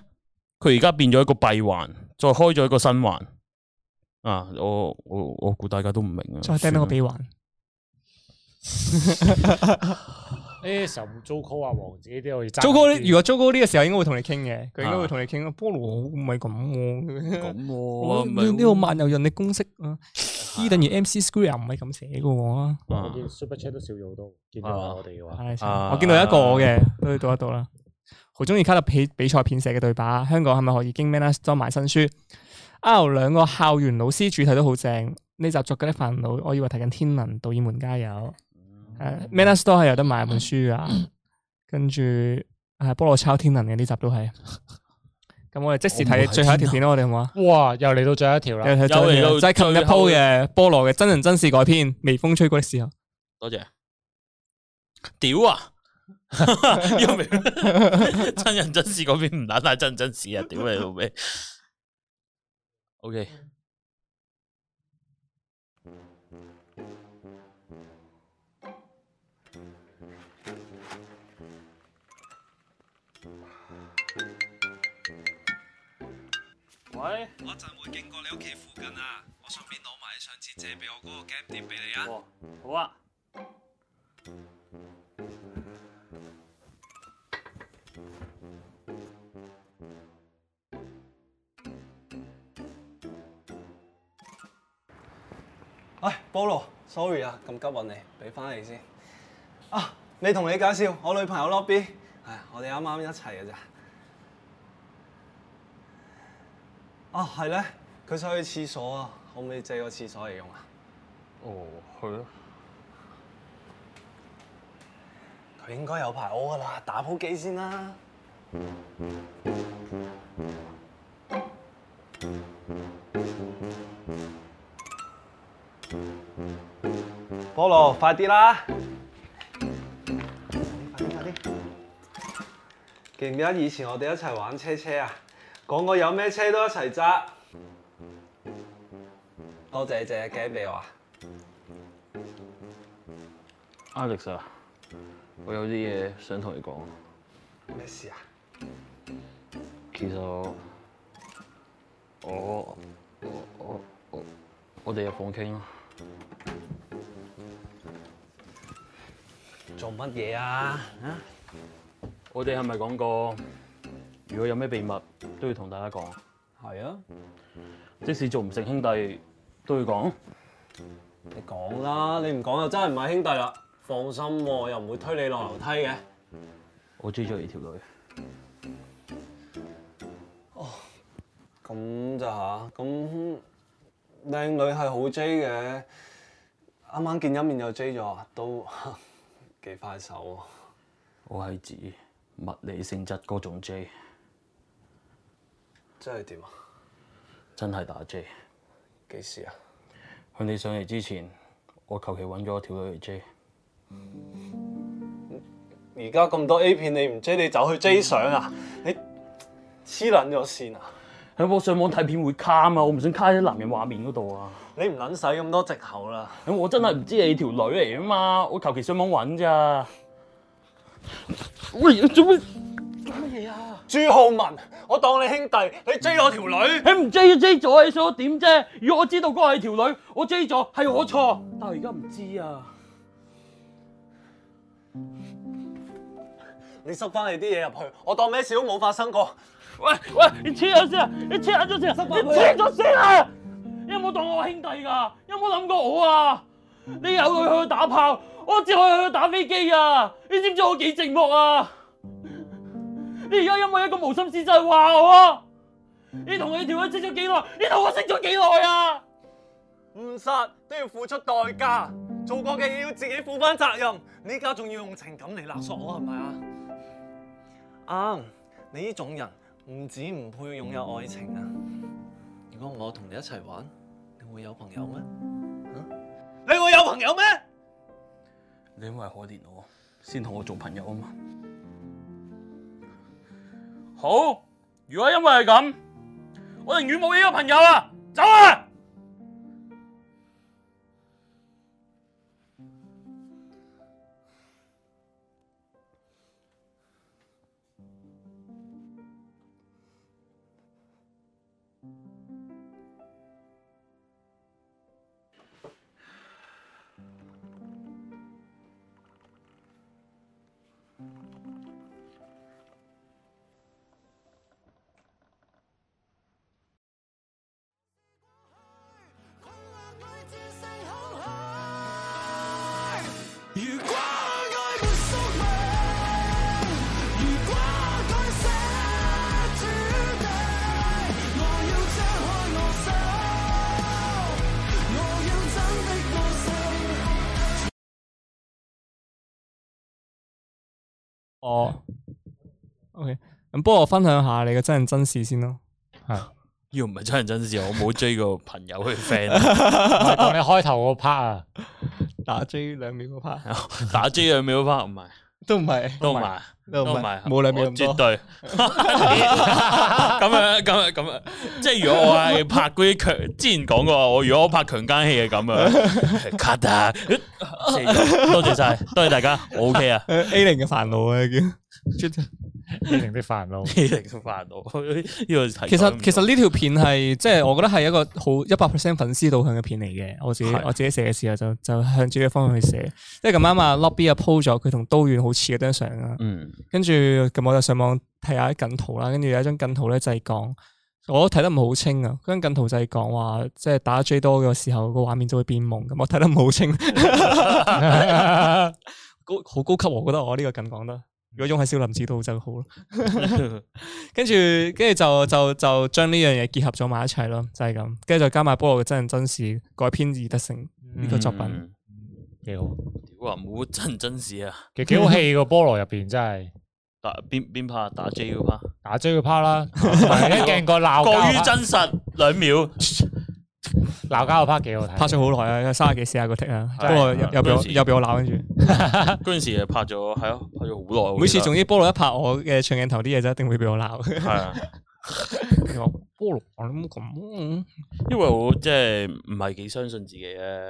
佢而家變咗一個閉環，再開咗一個新環。啊，我我我估大家都唔明啊。再聽到個閉環。呢個時候，Zuko 阿王子都可以爭。Zuko 如果 Zuko 呢個時候應該會同你傾嘅，佢應該會同你傾。菠蘿唔係咁喎，咁喎，呢呢個漫遊人嘅公式啊。G 等於 MC Square 唔係咁寫嘅喎、啊，我見 Super Chat 都少咗好多。我哋嘅話，我見到有一個嘅，啊、都要讀一讀啦。好中意卡特比比賽片寫嘅對白。香港係咪可以經 Manner Store 買埋新書？啊，兩個校園老師主題都好正。呢集作緊啲煩惱，我以為睇緊天能，導演們加油。誒、嗯 uh,，Manner Store 係有得買一本書、嗯、啊。跟住係菠蘿抄天能嘅呢集都係。嗯咁我哋即時睇最後一條片咯，我哋好冇？哇！又嚟到最後一條啦，又嚟到，再近一鋪嘅菠蘿嘅真人真事改編，《微風吹過嘅時候》。多謝。屌啊！真人真事改編唔難，但係真唔真事啊？屌你老味。O K。喂，我一陣會，會經過你屋企附近啊，我順便攞埋你上次借俾我嗰個 game 碟俾你啊。好啊。哎，菠羅，sorry 啊，咁急揾你，俾翻你先。啊，你同你介紹我女朋友 Lobby，哎，我哋啱啱一齊嘅咋。啊，係咧！佢想去廁所啊，可唔可以借個廁所嚟用啊？哦，去啊，佢應該有排屙啦，打鋪機先啦。菠蘿，快啲啦！ 快啲！快啲！快啲！記唔記得以前我哋一齊玩車車啊？講過有咩車都一齊揸，多謝借機俾我啊，Alex，啊，我有啲嘢想同你講。咩事啊？其實我我哋入房傾咯。做乜嘢啊？啊？我哋係咪講過？如果有咩秘密都要同大家講。係啊，即使做唔成兄弟都要講，你講啦，你唔講就真係唔係兄弟啦。放心，又唔會推你落樓梯嘅。我追咗你條女，哦，咁咋吓，咁靚女係好 J 嘅，啱啱見一面又 J 咗，都幾 快手的。我係指物理性質嗰種 J。真係點啊？真係打 J？幾時啊？喺你上嚟之前，我求其揾咗條女嚟 J。而家咁多 A 片，你唔 J 你走去 J 相啊？嗯、你黐撚咗線啊？響、嗯、我上網睇片會卡啊！我唔想卡喺男人畫面嗰度啊！你唔撚使咁多借口啦、嗯！我真係唔知你條女嚟啊嘛！我求其上網揾咋？嗯、喂，做乜？朱浩文，我當你兄弟，你追我條女你不，你唔追就追左，你想我點啫？如果我知道嗰係條女，我追左係我錯，但係而家唔知啊。你收翻你啲嘢入去，我當咩事都冇發生過。喂喂，你黐咗線啊！你黐咗線！你黐咗線啊！有冇當我係兄弟噶？有冇諗過我啊？你有去去打炮，我只可以去打飛機啊！你知唔知我幾寂寞啊？你而家因為一個無心之失就係話我啊。你同你條友識咗幾耐？你同我識咗幾耐啊？誤殺都要付出代價，做過嘅嘢要自己負翻責任。你依家仲要用情感嚟勒索我係咪啊？啱、嗯，你呢種人唔止唔配擁有愛情啊！如果我同你一齊玩，你會有朋友咩？嗯、你會有朋友咩？你因為可憐我，先同我做朋友啊嘛。好，如果因為係咁，我寧願冇呢個朋友啊，走啊！哦、oh.，OK，咁幫我分享下你嘅真人真事先咯。啊，如果唔係真人真事， 我冇追過朋友嘅 friend，同你開頭嗰 part 啊，打追兩秒嗰 part，打追兩秒嗰 part，唔係。 都唔係，都唔係，都唔係，冇理冇絕對咁 樣，咁樣，咁樣，即係如果我係拍嗰啲強， 之前講過，我如果我拍強姦戲嘅咁啊 cut 多謝晒謝， 多謝大家， 我 OK 啊，A 零嘅煩惱啊，已經。出氣靈的飯咯，氣靈食飯咯。其實其實呢條片係即係我覺得係一個好一百 percent 粉絲導向嘅片嚟嘅。我自己的我自己寫嘅時候就就向住呢個方向去寫。即係咁啱啊 Lobby 啊 po 咗佢同刀劍好似嘅張相啊。嗯，跟住咁我就上網睇下啲近圖啦。跟住有一張近圖咧就係講，我睇得唔好清啊。張近圖就係講話即係打最多嘅時候個畫面就會變蒙咁，我睇得唔好清。高好高級，我覺得我呢、這個近講得。如果用喺《少林寺》都好，真好咯，跟住跟住就就就將呢樣嘢結合咗埋一齊咯，就係、是、咁，跟住再加埋菠蘿真人真事改編而得成呢、嗯、個作品，幾好。我話冇真人真事啊，其幾好戲個菠蘿入邊真係。打邊邊拍，打 JU 拍，打 JU 拍啦， 一鏡過鬧過於真實兩秒。 鬧交個 part 幾好睇，拍咗好耐啊，三十幾四十個，啊個 take 不過又俾、嗯、又俾我鬧，跟住，嗰陣時又拍咗，係咯，嗯、拍咗好耐。每次總之菠羅一拍我嘅長鏡頭啲嘢就一定會俾我鬧。係啊、嗯，你話菠蘿，我點冇咁？因為我即係唔係幾相信自己咧，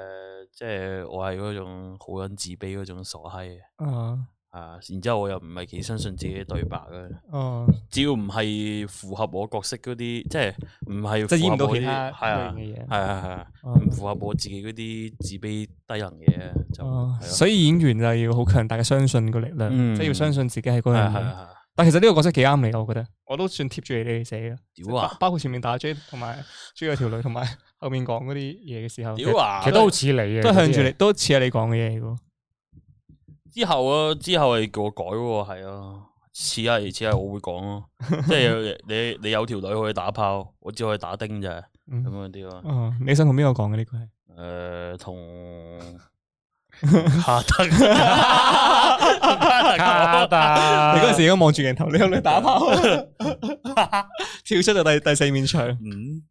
即係我係嗰種好撚自卑嗰種傻閪。嗯啊！然之後我又唔係幾相信自己對白嘅，只要唔係符合我角色嗰啲，即係唔係演唔到其他嘅嘢，係啊係啊，唔符合我自己嗰啲自卑低能嘢就。所以演員就要好強大嘅相信個力量，即係要相信自己係嗰樣嘢。但其實呢個角色幾啱你，我覺得我都算貼住你哋寫嘅。屌啊！包括前面打 J 同埋，追咗條女，同埋後面講嗰啲嘢嘅時候，其實都好似你嘅，都向住你，都似係你講嘅嘢。之後啊，之後係叫我改喎，係啊，似係似係我會講咯， 即係你你有條女可以打炮，我只可以打丁咋，咁、嗯、樣啲咯、哦。你想同邊個講嘅呢個？誒，同阿達，阿達， 哈哈哈哈 你嗰陣時已經望住鏡頭，你有女打炮， 跳出咗第第四面牆。嗯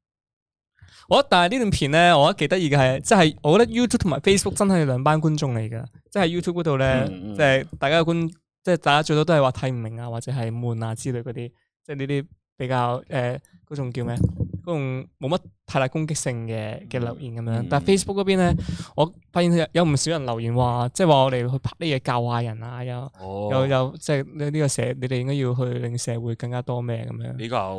我覺得，但係呢段片咧，我幾得意嘅係，即係我覺得 YouTube 同埋 Facebook 真係兩班觀眾嚟㗎，即係 YouTube 嗰度咧，即係大家嘅觀，即係大家最多都係話睇唔明啊，或者係悶啊之類嗰啲，即係呢啲比較誒嗰種叫咩？嗰種冇乜太大攻擊性嘅嘅留言咁樣。嗯、但係 Facebook 嗰邊咧，我發現有唔少人留言話，即係話我哋去拍啲嘢教壞人啊，又又又即係呢個社，你哋應該要去令社會更加多咩咁樣？比較。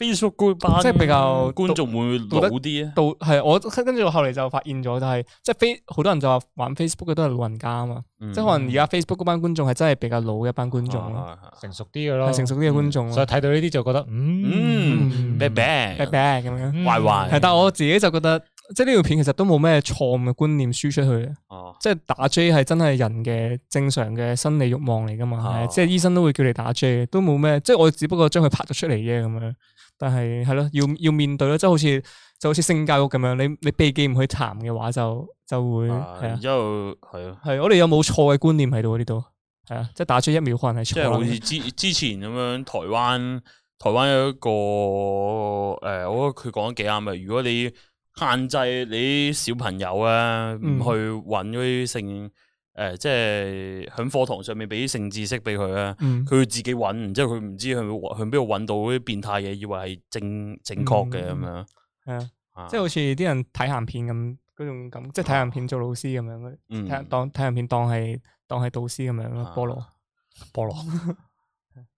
Facebook 嗰班即係比較觀眾會老啲啊，到係我跟住我後嚟就發現咗，就係即係飛好多人就話玩 Facebook 嘅都係老人家啊嘛，即係可能而家 Facebook 嗰班觀眾係真係比較老嘅一班觀眾咯，成熟啲嘅咯，成熟啲嘅觀眾，所以睇到呢啲就覺得嗯 bad bad bad 咁樣壞壞，係但係我自己就覺得即係呢條片其實都冇咩錯誤嘅觀念輸出去，即係打 J 係真係人嘅正常嘅生理欲望嚟噶嘛，即係醫生都會叫你打 J，都冇咩，即係我只不過將佢拍咗出嚟啫咁樣。但係係咯，要要面對咯，即係好似就好似性教育咁樣，你你避忌唔去談嘅話就，就就會係啊，之後係啊，係我哋有冇錯嘅觀念喺度呢度？係啊，即係打出一秒可能係錯啦。即係好似之之前咁樣， 台灣台灣有一個誒，我、呃、覺得佢講得幾啱嘅。如果你限制你小朋友啊，唔去搵嗰啲性。嗯誒，嗯、即係喺課堂上面俾啲性知識俾佢啦，佢會自己揾，然之後佢唔知佢去去邊度揾到啲變態嘢，以為係正正確嘅咁樣。係啊、嗯嗯，即係好似啲人睇咸片咁嗰種感，即係睇咸片做老師咁樣咯。嗯，當睇咸片當係當係導師咁樣咯。菠蘿菠蘿，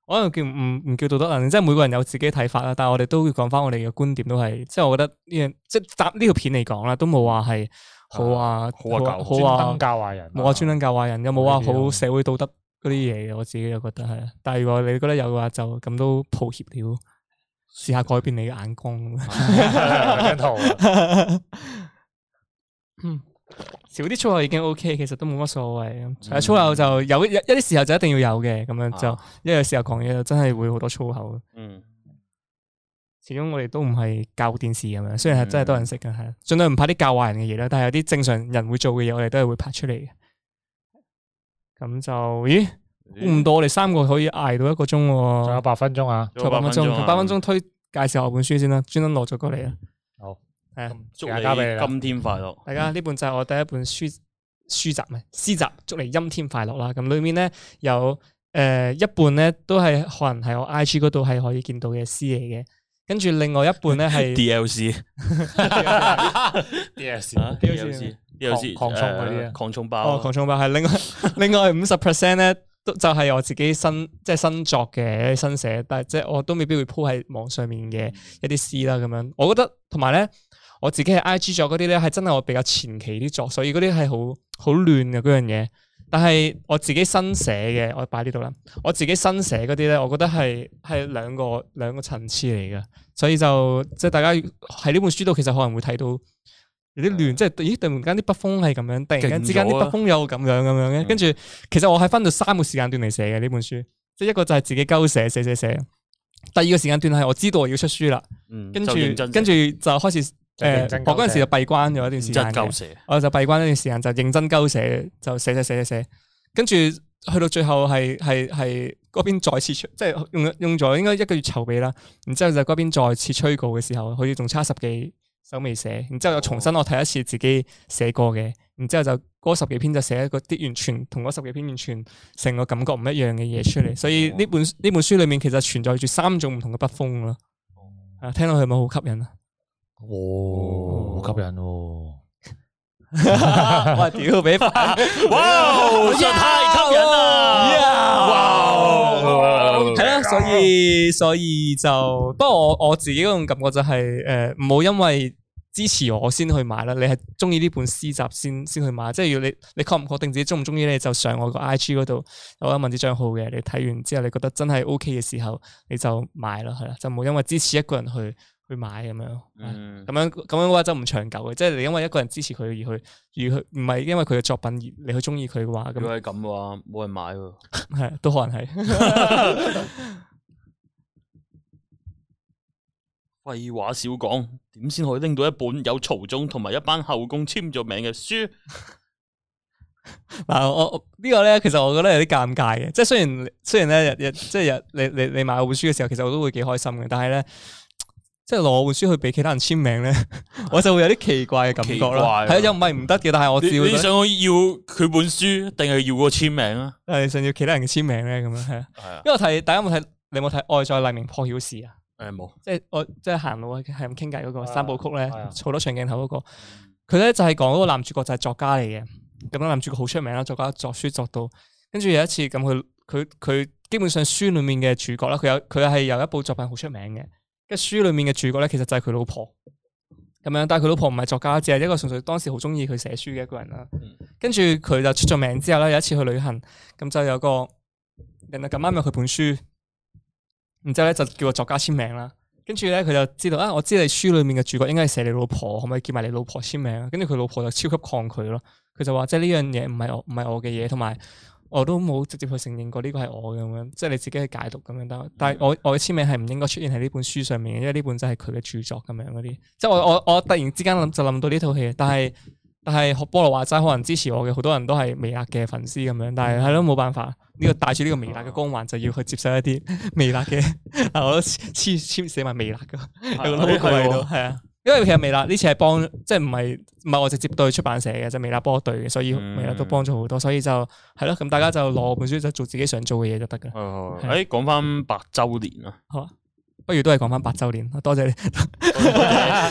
我又叫唔唔叫道德能？即係每個人有自己睇法啦。但係我哋都要講翻我哋嘅觀點，都係即係我覺得呢樣，即係搭呢條片嚟講啦，都冇話係。好啊，好啊，專登教壞人，冇啊，專登教壞人有冇啊？啊啊好社會道德嗰啲嘢嘅，我自己又覺得係。但係如果你覺得有嘅話，就咁都抱歉了，試下改變你嘅眼光。咁樣，嗯，少啲粗口已經 OK，其實都冇乜所謂。啊、嗯，粗口就有一一啲時候就一定要有嘅，咁樣就、啊、因為有時候講嘢就真係會好多粗口。嗯。始終我哋都唔係教電視咁樣，雖然係真係多人識嘅，係盡、嗯、量唔拍啲教壞人嘅嘢啦。但係有啲正常人會做嘅嘢，我哋都係會拍出嚟嘅。咁就咦，估唔、嗯、到我哋三個可以挨到一個鐘喔，仲有八分鐘啊！仲有八分鐘、啊，八分鐘、啊、推介紹下我本書先啦，專登攞咗過嚟啊、嗯。好，係啊的，又係交俾你。今天快樂，快樂，大家呢本就係我第一本書書集咩詩集，祝你陰天快樂啦！咁、嗯、裏面咧有誒一半咧都係可能係我 I G 嗰度係可以見到嘅詩嚟嘅。跟住另外一半咧係 DLC，DLC，DLC，擴充嗰啲啊，DLC 擴充包、呃、哦，擴充包係另外另外五十 percent 咧，都就係、是、我自己新即係、就是、新作嘅新寫，但係即係我都未必會鋪喺網上面嘅一啲詩啦咁樣。我覺得同埋咧，我自己係 IG 作嗰啲咧係真係我比較前期啲作，所以嗰啲係好好亂嘅嗰樣嘢。但係我自己新寫嘅，我擺呢度啦。我自己新寫嗰啲咧，我覺得係係兩個兩個層次嚟嘅，所以就即係大家喺呢本書度，其實可能會睇到有啲亂。的即係咦，突然間啲北風係咁樣，突然間之間啲北風又咁樣咁樣嘅。的跟住，其實我係分到三個時間段嚟寫嘅呢本書。即係一個就係自己鳩寫寫寫寫，第二個時間段係我知道我要出書啦，嗯、跟住著跟住就開始。誒，我嗰陣時就閉關咗一段時間，我就閉關一段時間就認真鳩寫，就寫寫寫寫寫，跟住去到最後係係係嗰邊再次即係用用咗應該一個月籌備啦，然之後就嗰邊再次催稿嘅時候，好似仲差十幾首未寫，然之後又重新我睇一次自己寫過嘅，然之後就嗰十幾篇就寫一個啲完全同嗰十幾篇完全成個感覺唔一樣嘅嘢出嚟，所以呢本呢本書裏面其實存在住三種唔同嘅筆風啦，啊，聽落去係咪好吸引啊？哦哦、 哇，好吸引我哇，屌，畀返！哇，真係太吸引啦！呀哇，係啦，所以，哇所，以所以就，不過我我自己嗰種感覺就係、是，誒、呃，唔好因為支持我先去買啦，你係中意呢本詩集先先去買，即係要你你確唔確定自己中唔中意咧，就上我 IG 個 I G 嗰度，我嘅文字賬號嘅，你睇完之後你覺得真係 O K 嘅時候，你就買啦，係啦，就唔好因為支持一個人去。去買咁、嗯、樣，咁樣咁樣嘅話就唔長久嘅，即、就、係、是、你因為一個人支持佢而去，而佢唔係因為佢嘅作品而你去中意佢嘅話，咁如果係咁嘅話，冇人買，係 都可能係廢 話少講，點先可以拎到一本有曹仲同埋一班後宮簽咗名嘅書？嗱， 我、這個、呢個咧，其實我覺得有啲尷尬嘅，即係雖然雖然咧，日日即係日，你你你買我本書嘅時候，其實我都會幾開心嘅，但係咧。即係攞本書去俾其他人簽名咧， 我就會有啲奇怪嘅感覺啦。係啊，嗯、又唔係唔得嘅，但係我知你，你想要佢本書，定係要個簽名啊？係想要其他人嘅簽名咧？咁樣係啊。因為睇大家有冇睇？你有冇睇《愛在黎明破曉時》啊？誒、嗯，冇。即係我，即係行路係咁傾偈嗰個三部曲咧，好、啊啊、多長鏡頭嗰、那個。佢咧就係講嗰個男主角就係作家嚟嘅。咁個男主角好出名啦，作家作書作到，跟住有一次咁，佢佢佢基本上書裏面嘅主角啦，佢有佢係有一部作品好出名嘅。嘅書裏面嘅主角咧，其實就係佢老婆咁樣，但係佢老婆唔係作家，只係一個純粹當時好中意佢寫書嘅一個人啦。跟住佢就出咗名之後咧，有一次去旅行，咁就有個人啊，咁啱有佢本書，然之後咧就叫個作家簽名啦。跟住咧佢就知道啊，我知你書裏面嘅主角應該係寫你老婆，可唔可以叫埋你老婆簽名？跟住佢老婆就超級抗拒咯，佢就話即係呢樣嘢唔係我唔係我嘅嘢，同埋。我都冇直接去承認過呢個係我嘅咁樣，即係你自己去解讀咁樣，但係我我嘅簽名係唔應該出現喺呢本書上面嘅，因為呢本就係佢嘅著作咁樣嗰啲。即係我我我突然之間諗就諗到呢套戲，但係但係學菠蘿話齋可能支持我嘅好多人都係微辣嘅粉絲咁樣，但係係咯，冇辦法，呢、這個帶住呢個微辣嘅光環就要去接受一啲微辣嘅，嗯、 我簽簽寫埋微辣嘅，嗯、 有啊。因為其實未娜呢次係幫，即係唔係唔係我直接對出版社嘅，就係娜啦，幫我對嘅，所以未娜都幫咗好多，所以就係咯，咁大家就攞本書就做自己想做嘅嘢就得噶啦。誒，講翻八周年啊，好啊，不如都係講翻八周年，多謝你，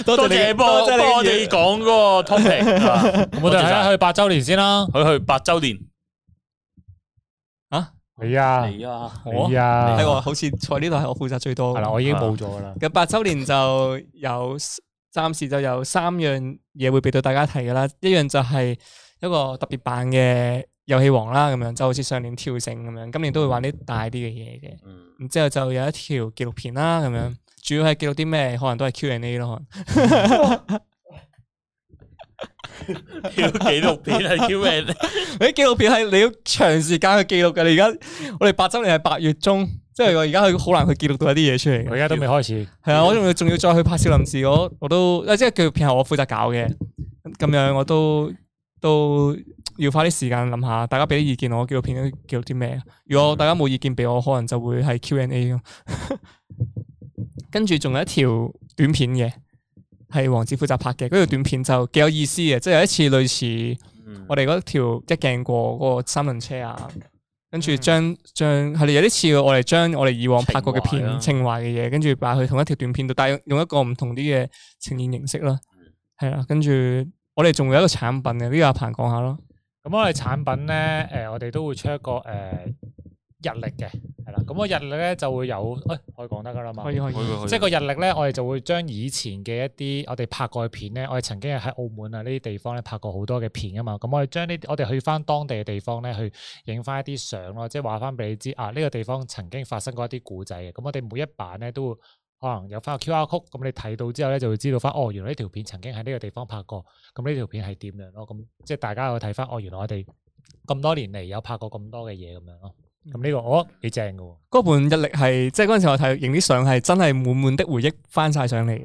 多謝你波，多謝講嗰個 topic。我哋而家去八周年先啦，去去八周年。啊，你啊，你啊，我啊，係喎，好似在呢度係我負責最多嘅。係啦，我已經報咗噶啦。咁八周年就有。暫時就有三樣嘢會畀到大家睇嘅啦，一樣就係一個特別版嘅遊戲王啦，咁樣就好似上年跳繩咁樣，今年都會玩啲大啲嘅嘢嘅。嗯，然之後就有一條紀錄片啦，咁樣主要係記錄啲咩，可能都係 Q&A 咯。哈哈哈哈哈！要紀錄片係 Q&A？啲紀錄片係你要長時間去記錄嘅。你而家我哋八周年係八月中。因為我而家佢好難去記錄到一啲嘢出嚟、嗯。我而家都未開始。係啊，我仲要仲要再去拍少林寺。我都我，我都即係紀錄片係我負責搞嘅。咁樣我都都要花啲時間諗下，大家俾啲意見我。紀錄片都記錄啲咩？如果大家冇意見俾我，我可能就會係 Q&A 咯。跟住仲有一條短片嘅，係王子負責拍嘅。嗰條短片就幾有意思嘅，即係有一次類似我哋嗰條一鏡過嗰個三輪車啊。嗯、跟住將、嗯、將係啦，有啲似我哋將我哋以往拍過嘅片情懷嘅、啊、嘢，跟住擺喺同一條短片度，但用一個唔同啲嘅呈現形式啦。係啦、嗯，跟住我哋仲有一個產品嘅，呢個阿彭講下咯。咁、嗯、我哋產品咧，誒、呃、我哋都會出一個誒、呃日曆嘅，係啦，咁、嗯、個日曆咧就會有，誒、哎、可以講得噶啦嘛，可以可以、嗯地地，即係個日曆咧，我哋就會將以前嘅一啲我哋拍過嘅片咧，我哋曾經係喺澳門啊呢啲地方咧拍過好多嘅片啊嘛，咁我哋將呢我哋去翻當地嘅地方咧去影翻一啲相咯，即係話翻俾你知啊呢個地方曾經發生過一啲古仔嘅，咁、嗯、我哋每一版咧都會可能有翻個 QR Code，嗯，咁你睇到之後咧就會知道翻，哦原來呢條片曾經喺呢個地方拍過，咁呢條片係點樣咯，咁、嗯、即係大家可以睇翻，哦原來我哋咁多年嚟有拍過咁多嘅嘢咁樣咯。嗯咁呢個我覺得幾正㗎喎，嗰、嗯、本日曆係即係嗰陣時我睇到影啲相係真係滿滿的回憶翻晒上嚟嘅，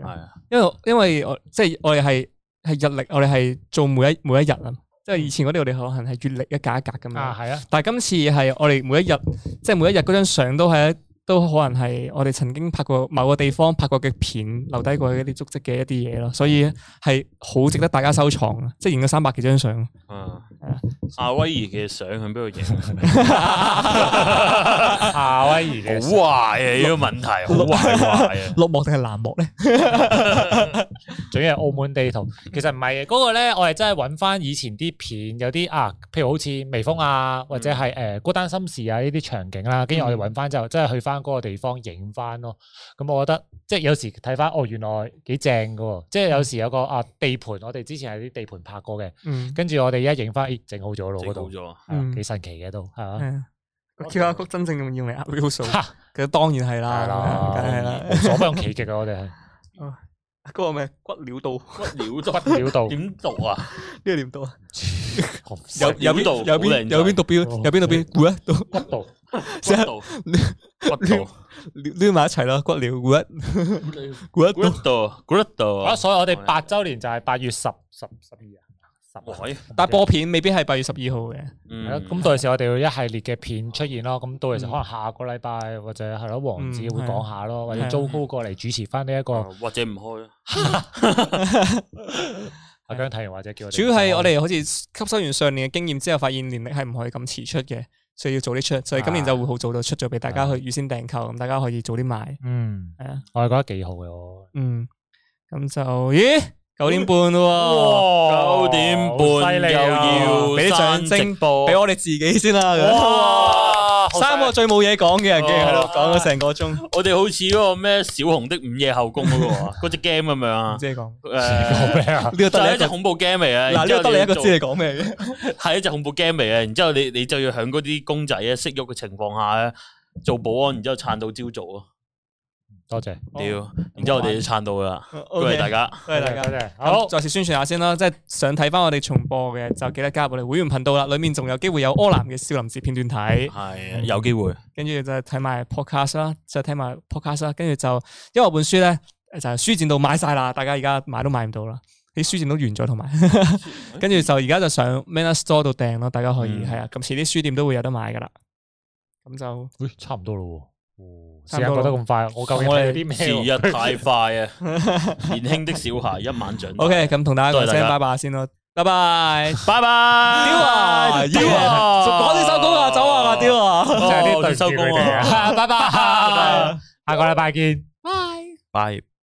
因為因為、就是、我即係我哋係日曆，我哋係做每一每一日啊，即、就、係、是、以前嗰啲我哋可能係月曆一格一格咁樣，啊、是的但係今次係我哋每一日即係、就是、每一日嗰張相都係。都可能係我哋曾經拍過某個地方拍過嘅片，留低過一啲足跡嘅一啲嘢咯，所以係好值得大家收藏嘅，即係影咗三百幾張相。嗯，夏威夷嘅相喺邊度影？夏威夷嘅好壞啊！呢個問題，好壞啊！綠幕定係藍幕咧？仲要係澳門地圖，其實唔係嘅。嗰個咧，我哋真係揾翻以前啲片，有啲啊，譬如好似微風啊，或者係誒孤單心事啊呢啲場景啦，跟住我哋揾翻之後真係去翻。翻嗰個地方影翻咯，咁我覺得即係有時睇翻哦，原來幾正噶，即係有時有個啊地盤，我哋之前喺啲地盤拍過嘅，嗯，跟住我哋而家影翻，咦，整好咗咯，整好咗，嗯，幾神奇嘅都係啊，個 Q R 曲真正用用嚟壓表數，吓，其實當然係啦，係啦，梗係啦，無所不用其極啊，我哋係，嗰個咩骨料道，骨料骨料道，點讀啊？呢個點讀啊？有邊度？有邊有邊度表？有邊度表？骨道骨道。骨道 攣埋一齊咯，骨料 骨骨骨道骨道。 所以我哋八周年就係八月十十十二啊，十。但係播片未必係八月十二號嘅。咁到時我哋會一系列嘅片出現咯。咁到時可能下個禮拜、嗯、或者係攞王子會講下咯，嗯、或者糟糕過嚟主持翻呢一個，或者唔開。阿 姜提或者叫我哋。主要係我哋好似吸收完上年嘅經驗之後，發現年曆係唔可以咁遲出嘅。所以要早啲出，所以今年就會好早就出咗俾大家去預先訂購，咁大家可以早啲買。嗯，係啊嗎，我係覺得幾好嘅，嗯，咁就咦九點半喎，九點哇半又要俾啲掌聲俾我哋自己先啦。哇三個最冇嘢、哦、講嘅，人喺度講咗成個鐘。我哋好似嗰個咩小紅的午夜後宮嗰、嗰個嗰隻 game 咁樣啊，即係講誒，就係隻恐怖 game 嚟啊？嗱，呢個得你一個知你講咩嘅，係啊，就 恐怖 game 嚟啊？然之後你你就要喺嗰啲公仔啊識喐嘅情況下咧做保安，然之後撐到朝早咯。多謝，屌！Thank oh，然之後我哋要撐到啦，多謝 Okay, 大家，多謝大家，真係好！再次宣傳下先啦，即係想睇翻我哋重播嘅，就記得加入我哋會員頻道啦，裏面仲有機會有柯南嘅少林寺片段睇，係的、嗯、有機會。跟住就睇埋 podcast 啦，就睇埋 podcast 啦。跟住就，因為我本書咧就是、書展度買曬啦，大家而家買都買唔到啦，啲書展都完咗，同埋跟住就而家就上 Manner Store 度訂咯，大家可以係啊，今、嗯、次啲書店都會有得買噶啦，咁就喂，差唔多啦喎。 時間過得咁快，我我哋時日太快啊！年輕的小孩一晚長。OK，咁同大家講聲拜拜先咯，拜拜，拜拜，屌啊，屌啊，做裝修工啊，走啊，阿屌啊，就係啲裝修工啊，拜拜，下個禮拜見，拜拜。